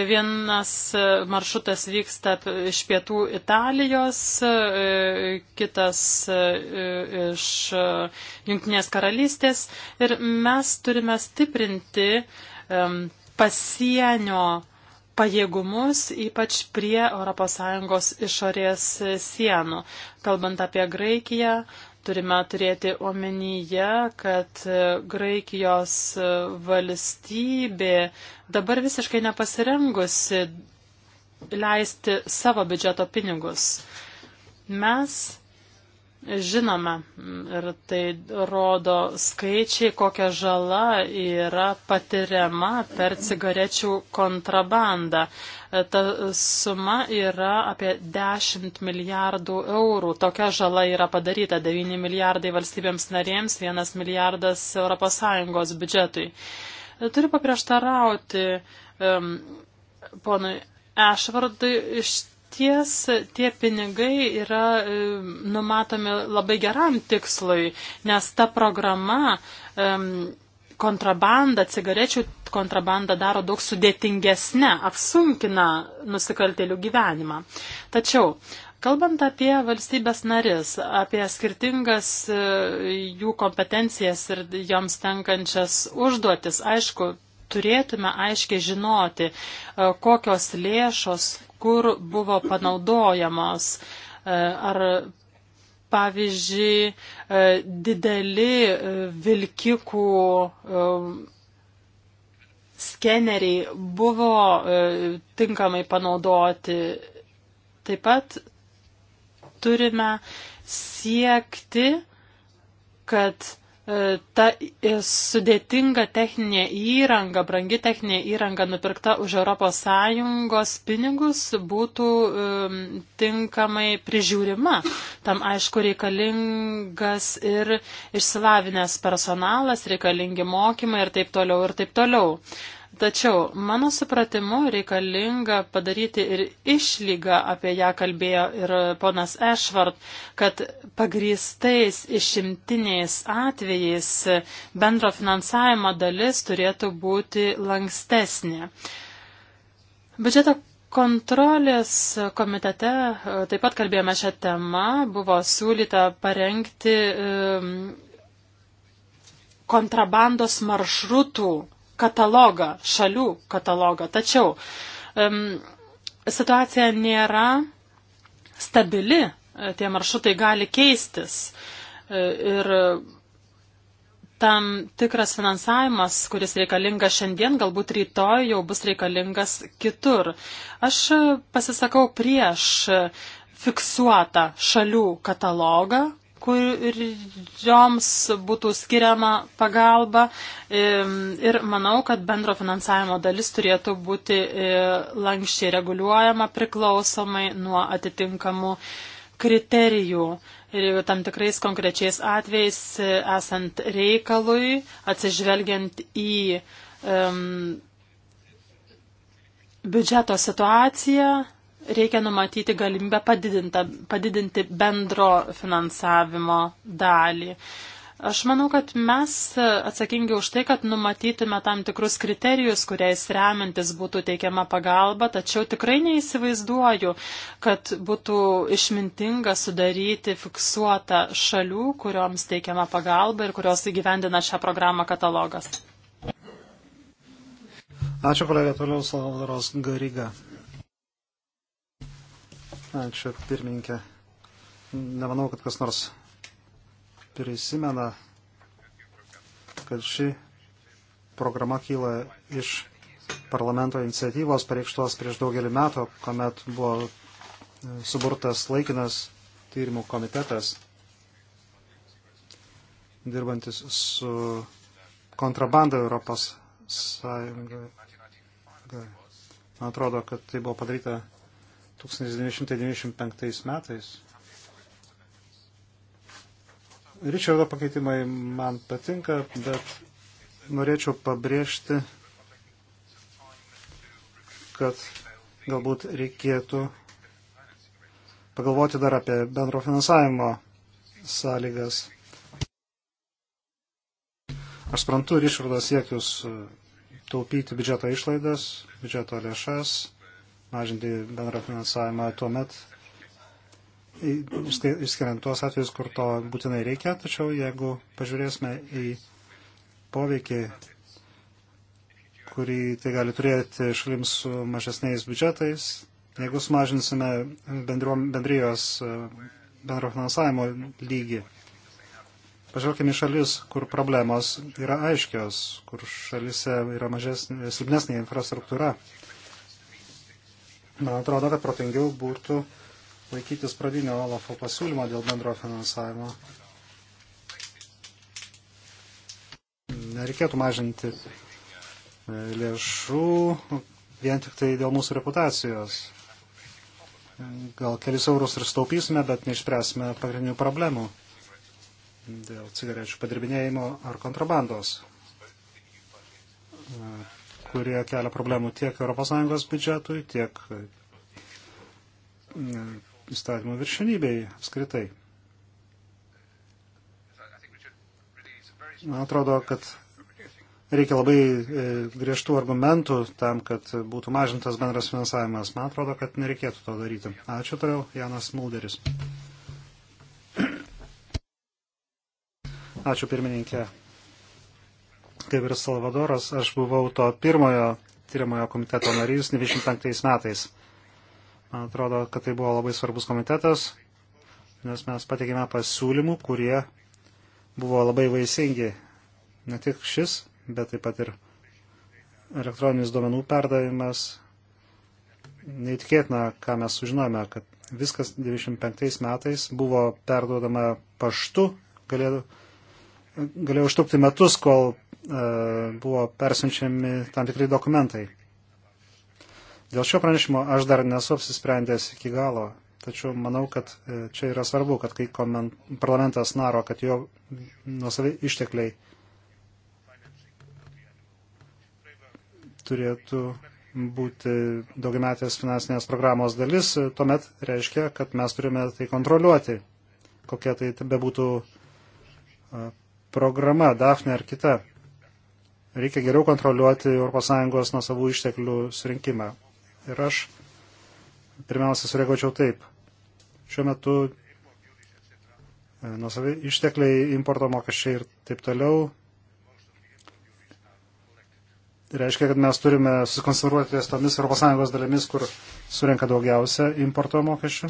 Vienas maršrutas vyksta iš pietų Italijos, kitas iš Junktinės karalystės. Ir mes turime stiprinti pasienio pajėgumus, ypač prie ES išorės sienų. Kalbant apie Graikiją, Turime turėti omenyje, kad Graikijos valstybė dabar visiškai nepasirengusi leisti savo biudžeto pinigus. Mes žinome ir tai rodo skaičiai, kokia žala yra patiriama per cigarečių kontrabandą. Ta suma yra apie 10 milijardų eurų. Tokia žala yra padaryta 9 milijardai valstybėms narėms, 1 milijardas ES biudžetui. Turiu paprieštarauti um, ponui Ešvardui iš Ties tie pinigai yra e, numatomi labai geram tikslui, nes ta programa kontrabandą, cigarečių kontrabandą daro daug sudėtingesnę, apsunkina nusikaltėlių gyvenimą. Tačiau, kalbant apie valstybės naris, apie skirtingas e, jų kompetencijas ir joms tenkančias užduotis, aišku, turėtume aiškiai žinoti, e, kokios lėšos, kur buvo panaudojamos. E, ar pavyzdžiui, e, dideli e, vilkikų skeneriai buvo tinkamai panaudoti. Taip pat turime siekti, kad E, ta sudėtinga techninė įranga, brangi techninė įranga nupirkta už ES pinigus būtų tinkamai prižiūrima. Tam aišku reikalingas ir išsilavinęs personalas, reikalingi mokymai ir taip toliau ir taip toliau. Tačiau, mano supratimu, reikalinga padaryti ir išlygą, apie ją kalbėjo ir ponas Ešvart, kad pagrįstais išimtiniais atvejais bendro finansavimo dalis turėtų būti lankstesnė. Biudžeto kontrolės komitete e, taip pat kalbėjome šią temą, buvo siūlyta parengti e, kontrabandos maršrutų katalogą, šalių katalogą. Tačiau um, situacija nėra stabili, e, tie maršrutai gali keistis. E, ir tam tikras finansavimas, kuris reikalingas šiandien, galbūt rytoj jau bus reikalingas kitur. Aš pasisakau prieš fiksuotą šalių katalogą, kurioms būtų skiriama pagalba ir manau, kad bendro finansavimo dalis turėtų būti e, lankščiai reguliuojama priklausomai nuo atitinkamų kriterijų ir tam tikrais konkrečiais atvejais e, esant reikalui, atsižvelgiant į um, biudžeto situaciją, reikia numatyti galimybę padidinti bendro finansavimo dalį. Aš manau, kad mes atsakingi už tai, kad numatytume tam tikrus kriterijus, kuriais remiantis būtų teikiama pagalba, tačiau tikrai neįsivaizduoju, kad būtų išmintinga sudaryti fiksuotą šalių, kurioms teikiama pagalba ir kurios įgyvendina šią programą katalogas. Ačiū, kolega, toliau Salvadoros Gariga. Ačiū, pirmininkė. Nemanau, kad kas nors prisimena, kad ši programa kyla iš parlamento iniciatyvos pareikštos prieš daugelį metų, kuomet buvo suburtas laikinas tyrimų komitetas, dirbantis su kontrabanda Europos Sąjungoje. Man atrodo, kad tai buvo padaryta 1995 metais. Ričardo pakeitimai man patinka, bet norėčiau pabrėžti, kad galbūt reikėtų pagalvoti dar apie bendro finansavimo sąlygas. Aš sprantu, Ričardas siekius taupyti biudžeto išlaidas, biudžeto lėšas, mažinti bendrą finansavimą tuo met, išskiriant tuos atvejus, kur to būtinai reikia, tačiau jeigu pažiūrėsime į poveikį, kurį tai gali turėti šalims su mažesniais biudžetais, jeigu sumažinsime bendrijos bendro finansavimo lygį. Pažvelkime į šalis, kur problemos yra aiškios, kur šalise yra mažesnė, silpnesnė infrastruktūra. Man atrodo, kad protingiau būtų laikytis pradinio Olafo pasiūlymo dėl bendro finansavimo. Nereikėtų mažinti e, lėšų vien tik tai dėl mūsų reputacijos. Gal kelis eurus ir staupysime, bet neišspręsime pagrindinių problemų dėl cigarečių padirbinėjimo ar kontrabandos. E, kurie kelia problemų tiek ES biudžetui, tiek e, įstatymų viršinybei apskritai. Man atrodo, kad reikia labai e, griežtų argumentų tam, kad būtų mažintas bendras finansavimas. Man atrodo, kad nereikėtų to daryti. Ačiū toliau, Janas Mulderis. Ačiū pirmininkė kaip ir Salvadoras, aš buvau to pirmojo tyrimojo komiteto narys 95 metais. Man atrodo, kad tai buvo labai svarbus komitetas, nes mes pateikėme pasiūlymų, kurie buvo labai vaisingi. Ne tik šis, bet taip pat ir elektroninis duomenų perdavimas. Neįtikėtina, ką mes sužinojome, kad viskas 95 metais buvo perduodama paštu, galėdavo galėjo užtrukti metus, kol e, buvo persiunčiami tam tikrai dokumentai. Dėl šio pranešimo aš dar nesu apsisprendęs iki galo, tačiau manau, kad e, čia yra svarbu, kad kai koment, parlamentas naro, kad jo nuosavai ištekliai turėtų būti daugiametės finansinės programos dalis, tuomet reiškia, kad mes turime tai kontroliuoti, kokia tai bebūtų e, programa, DAFNE ar kita. Reikia geriau kontroliuoti ES nuo savų išteklių surinkimą. Ir aš pirmiausia sureagočiau taip. Šiuo metu e, nuo savai ištekliai, importo mokesčiai ir taip toliau. Tai reiškia, kad mes turime susikonservuoti ties tomis ES dalimis, kur surenka daugiausia importo mokesčių.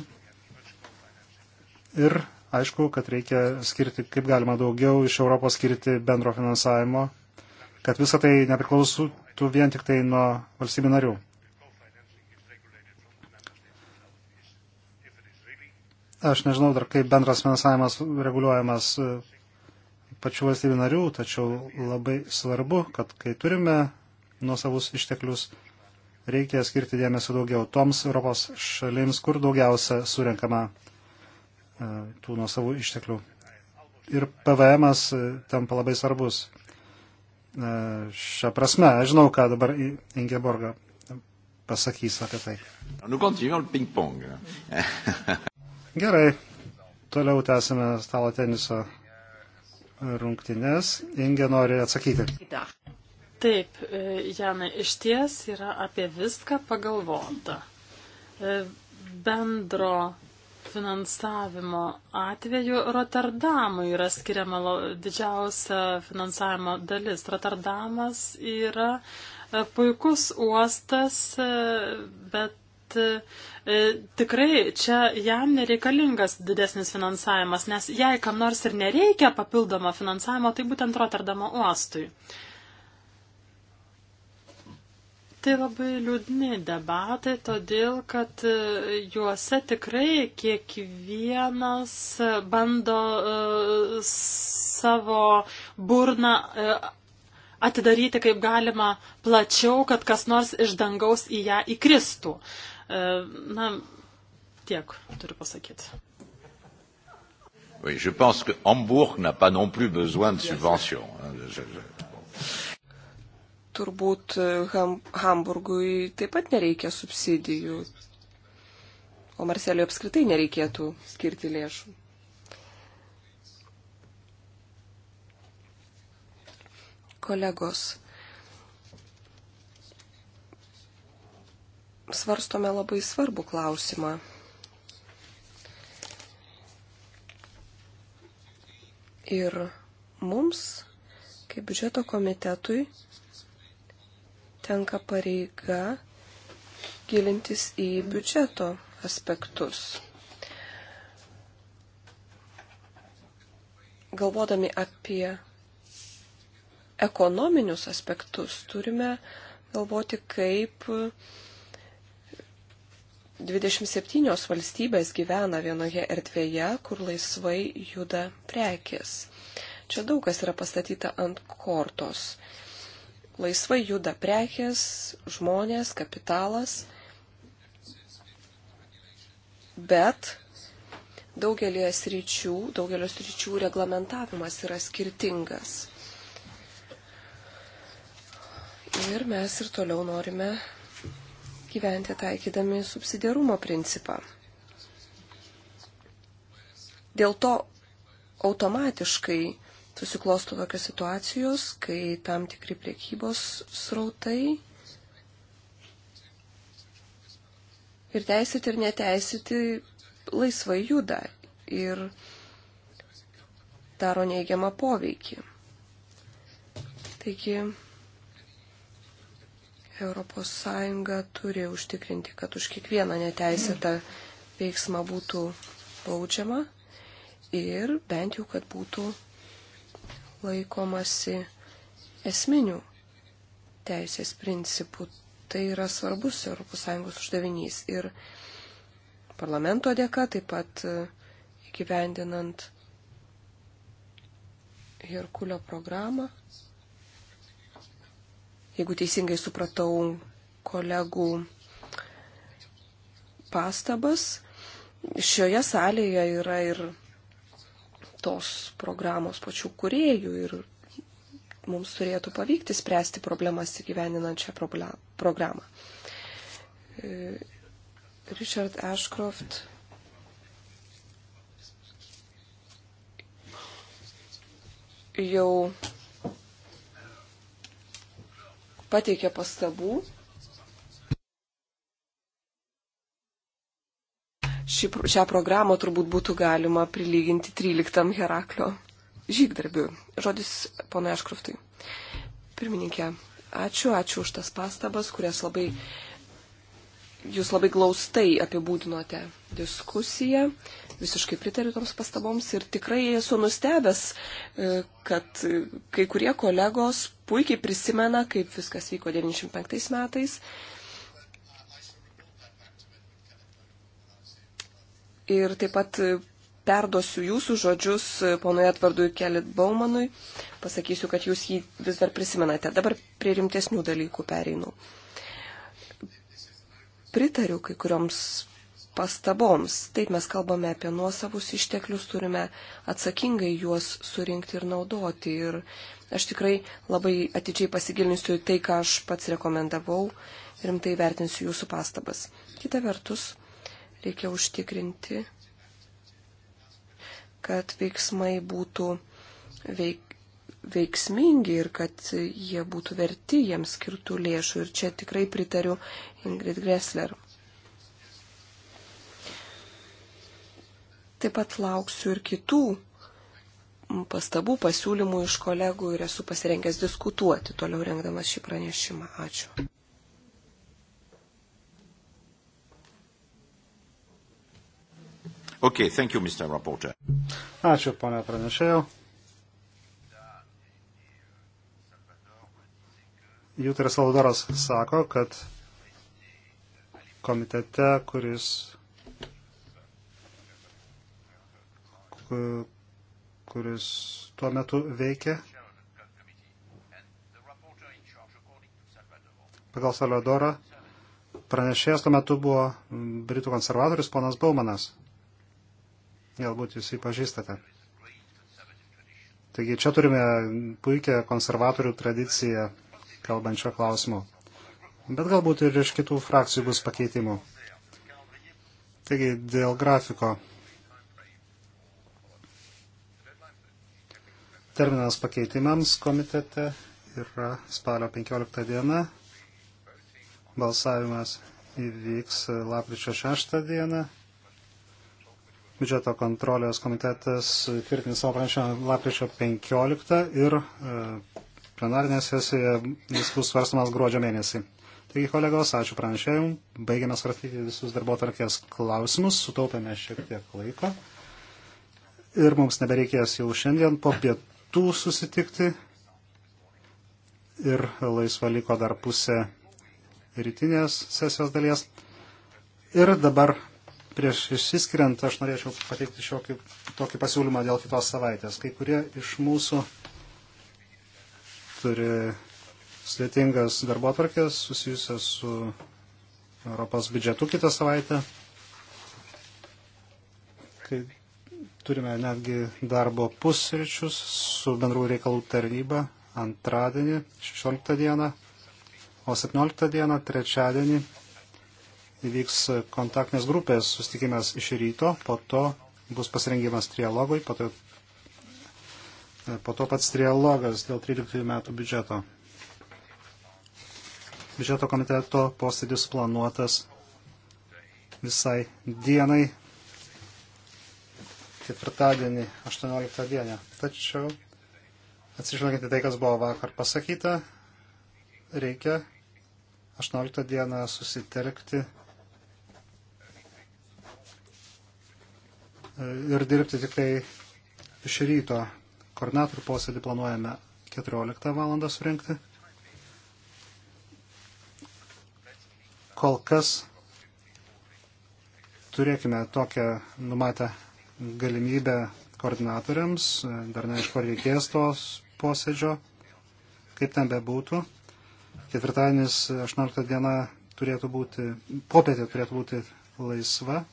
Ir Aišku, kad reikia skirti kaip galima daugiau iš Europos skirti bendro finansavimo, kad visą tai nepriklausytų vien tik tai nuo valstybių narių. Aš nežinau dar, kaip bendras finansavimas reguliuojamas pačių valstybių narių, tačiau labai svarbu, kad kai turime nuosavus išteklius, reikia skirti dėmesio daugiau toms Europos šalims, kur daugiausia surinkama E, tų nuo savų išteklių. Ir PVM e, tampa labai svarbus. E, Šią prasme, aš žinau, ką dabar Ingeborga pasakys apie tai. Gerai, toliau tęsime stalo teniso rungtynes. Inge nori atsakyti. Taip, Janai, iš ties yra apie viską pagalvota. Bendro finansavimo atveju Rotterdamui yra skiriama didžiausia finansavimo dalis. Rotterdamas yra e, puikus uostas, e, bet e, tikrai čia jam nereikalingas didesnis finansavimas, nes jei kam nors ir nereikia papildomo finansavimo, tai būtent Rotterdamo uostui. Uh, Tai labai liūdni debatai, todėl kad e, juose tikrai kiekvienas e, bando e, savo burną atidaryti kaip galima plačiau, kad kas nors iš dangaus į ją įkristų. Na, tiek turiu pasakyti. Oui, je pense que Hambourg n'a pas non plus besoin de subventions. Hein, je, je turbūt e, ham, Hamburgui taip pat nereikia subsidijų, o Marseliui apskritai nereikėtų skirti lėšų. Kolegos, svarstome labai svarbų klausimą. Ir mums, kaip biudžeto komitetui, tenka pareiga gilintis į biudžeto aspektus. Galvodami apie ekonominius aspektus, turime galvoti, kaip 27 valstybės gyvena vienoje erdvėje, kur laisvai juda prekis. Čia daug kas yra pastatyta ant kortos laisvai juda prekės, žmonės, kapitalas, bet daugelį sričių, daugelio sričių reglamentavimas yra skirtingas. Ir mes ir toliau norime gyventi taikydami subsidiarumo principą. Dėl to automatiškai susiklosto tokios situacijos, kai tam tikri priekybos srautai ir teisėti ir neteisėti laisvai juda ir daro neigiamą poveikį. Taigi ES turi užtikrinti, kad už kiekvieną neteisėtą veiksmą būtų baudžiama ir bent jau, kad būtų laikomasi esminių teisės principų. Tai yra svarbus ES uždavinys ir parlamento dėka, taip pat e, įgyvendinant Herkulio programą. Jeigu teisingai supratau kolegų pastabas, šioje salėje yra ir tos programos pačių kuriejų ir mums turėtų pavykti spręsti problemas įgyveninant šią programą. E, Richard Ashcroft jau pateikė pastabų ši, šią programą turbūt būtų galima prilyginti 13 Heraklio žygdarbiu. Žodis ponai Aškruftui. Pirmininkė, ačiū, ačiū už tas pastabas, kurias labai, jūs labai glaustai apibūdinote diskusiją. Visiškai pritariu toms pastaboms ir tikrai esu nustebęs, e, kad e, kai kurie kolegos puikiai prisimena, kaip viskas vyko 95 metais ir taip pat perduosiu jūsų žodžius ponui Edvardui Kelit Baumanui, pasakysiu, kad jūs jį vis dar prisimenate. Dabar prie rimtesnių dalykų pereinu. Pritariu kai kurioms pastaboms. Taip mes kalbame apie nuosavus išteklius, turime atsakingai juos surinkti ir naudoti. Ir aš tikrai labai atidžiai pasigilinsiu į tai, ką aš pats rekomendavau, rimtai vertinsiu jūsų pastabas. Kita vertus, Reikia užtikrinti, kad veiksmai būtų veik, veiksmingi ir kad jie būtų verti jiems skirtų lėšų. Ir čia tikrai pritariu Ingrid Gressler. Taip pat lauksiu ir kitų pastabų, pasiūlymų iš kolegų ir esu pasirengęs diskutuoti toliau rengdamas šį pranešimą. Ačiū. Okay, thank you, Mr. Rapporteur. Ačiū, pane pranešėjau. Jūteris Salvadoras sako, kad komitete, kuris kuris tuo metu veikė. Pagal Salvadorą pranešėjas tuo metu buvo Britų konservatorius ponas Baumanas. Galbūt jūs jį pažįstate. Taigi čia turime puikią konservatorių tradiciją kalbančio klausimu. Bet galbūt ir iš kitų frakcijų bus pakeitimų. Taigi dėl grafiko. Terminas pakeitimams komitete yra spalio 15 diena. Balsavimas įvyks lapkričio 6 dieną biudžeto kontrolės komitetas tvirtins savo pranešimą lapkričio 15 ir e, plenarinė sesija jis bus svarstamas gruodžio mėnesį. Taigi, kolegos, ačiū pranešėjim. Baigėme svarstyti visus darbo tarkės klausimus, sutaupėme šiek tiek laiko. Ir mums nebereikės jau šiandien po pietų susitikti. Ir laisva liko dar pusė rytinės sesijos dalies. Ir dabar prieš išsiskiriant aš norėčiau pateikti šiokį, tokį pasiūlymą dėl kitos savaitės. Kai kurie iš mūsų turi sudėtingas darbo atvarkės susijusias su Europos biudžetu kitą savaitę. Kai turime netgi darbo pusryčius su bendrų reikalų taryba antradienį, 16 dieną, o 17 dieną, trečiadienį įvyks kontaktinės grupės sustikimas iš ryto, po to bus pasirengimas trialogui, po to, po to pats trialogas dėl 13 metų biudžeto. Biudžeto komiteto posėdis planuotas visai dienai, ketvirtadienį, 18 dienę. Tačiau, atsižvelgiant į tai, kas buvo vakar pasakyta, reikia 18 dieną susitelkti ir dirbti tik tai iš ryto. Koordinatorių posėdį planuojame 14 valandą surinkti. Kol kas turėkime tokią numatę galimybę koordinatoriams, dar neaišku, ar reikės tos posėdžio, kaip ten bebūtų. Ketvirtadienis 18 diena turėtų būti, popietė turėtų būti laisva.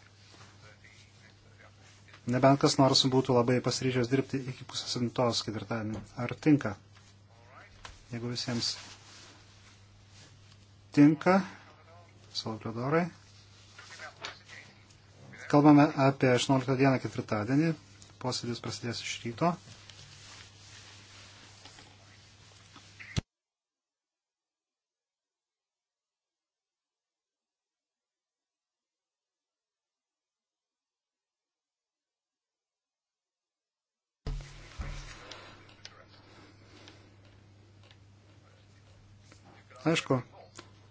Nebent kas nors būtų labai pasiryžęs dirbti iki pusės septintos ketvirtadienį. Ar tinka? Jeigu visiems tinka, Salvadorai. Kalbame apie 18 dieną ketvirtadienį. Posėdis prasidės iš ryto. Aišku,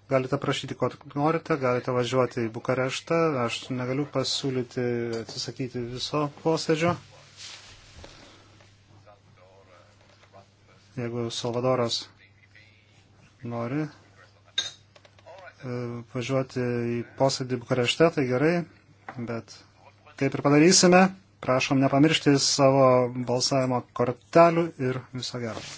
galite prašyti, ko norite, galite važiuoti į Bukareštą, aš negaliu pasiūlyti atsisakyti viso posėdžio. Jeigu Salvadoras nori e, važiuoti į posėdį Bukarešte, tai gerai, bet taip ir padarysime. Prašom nepamiršti savo balsavimo kortelių ir viso gero.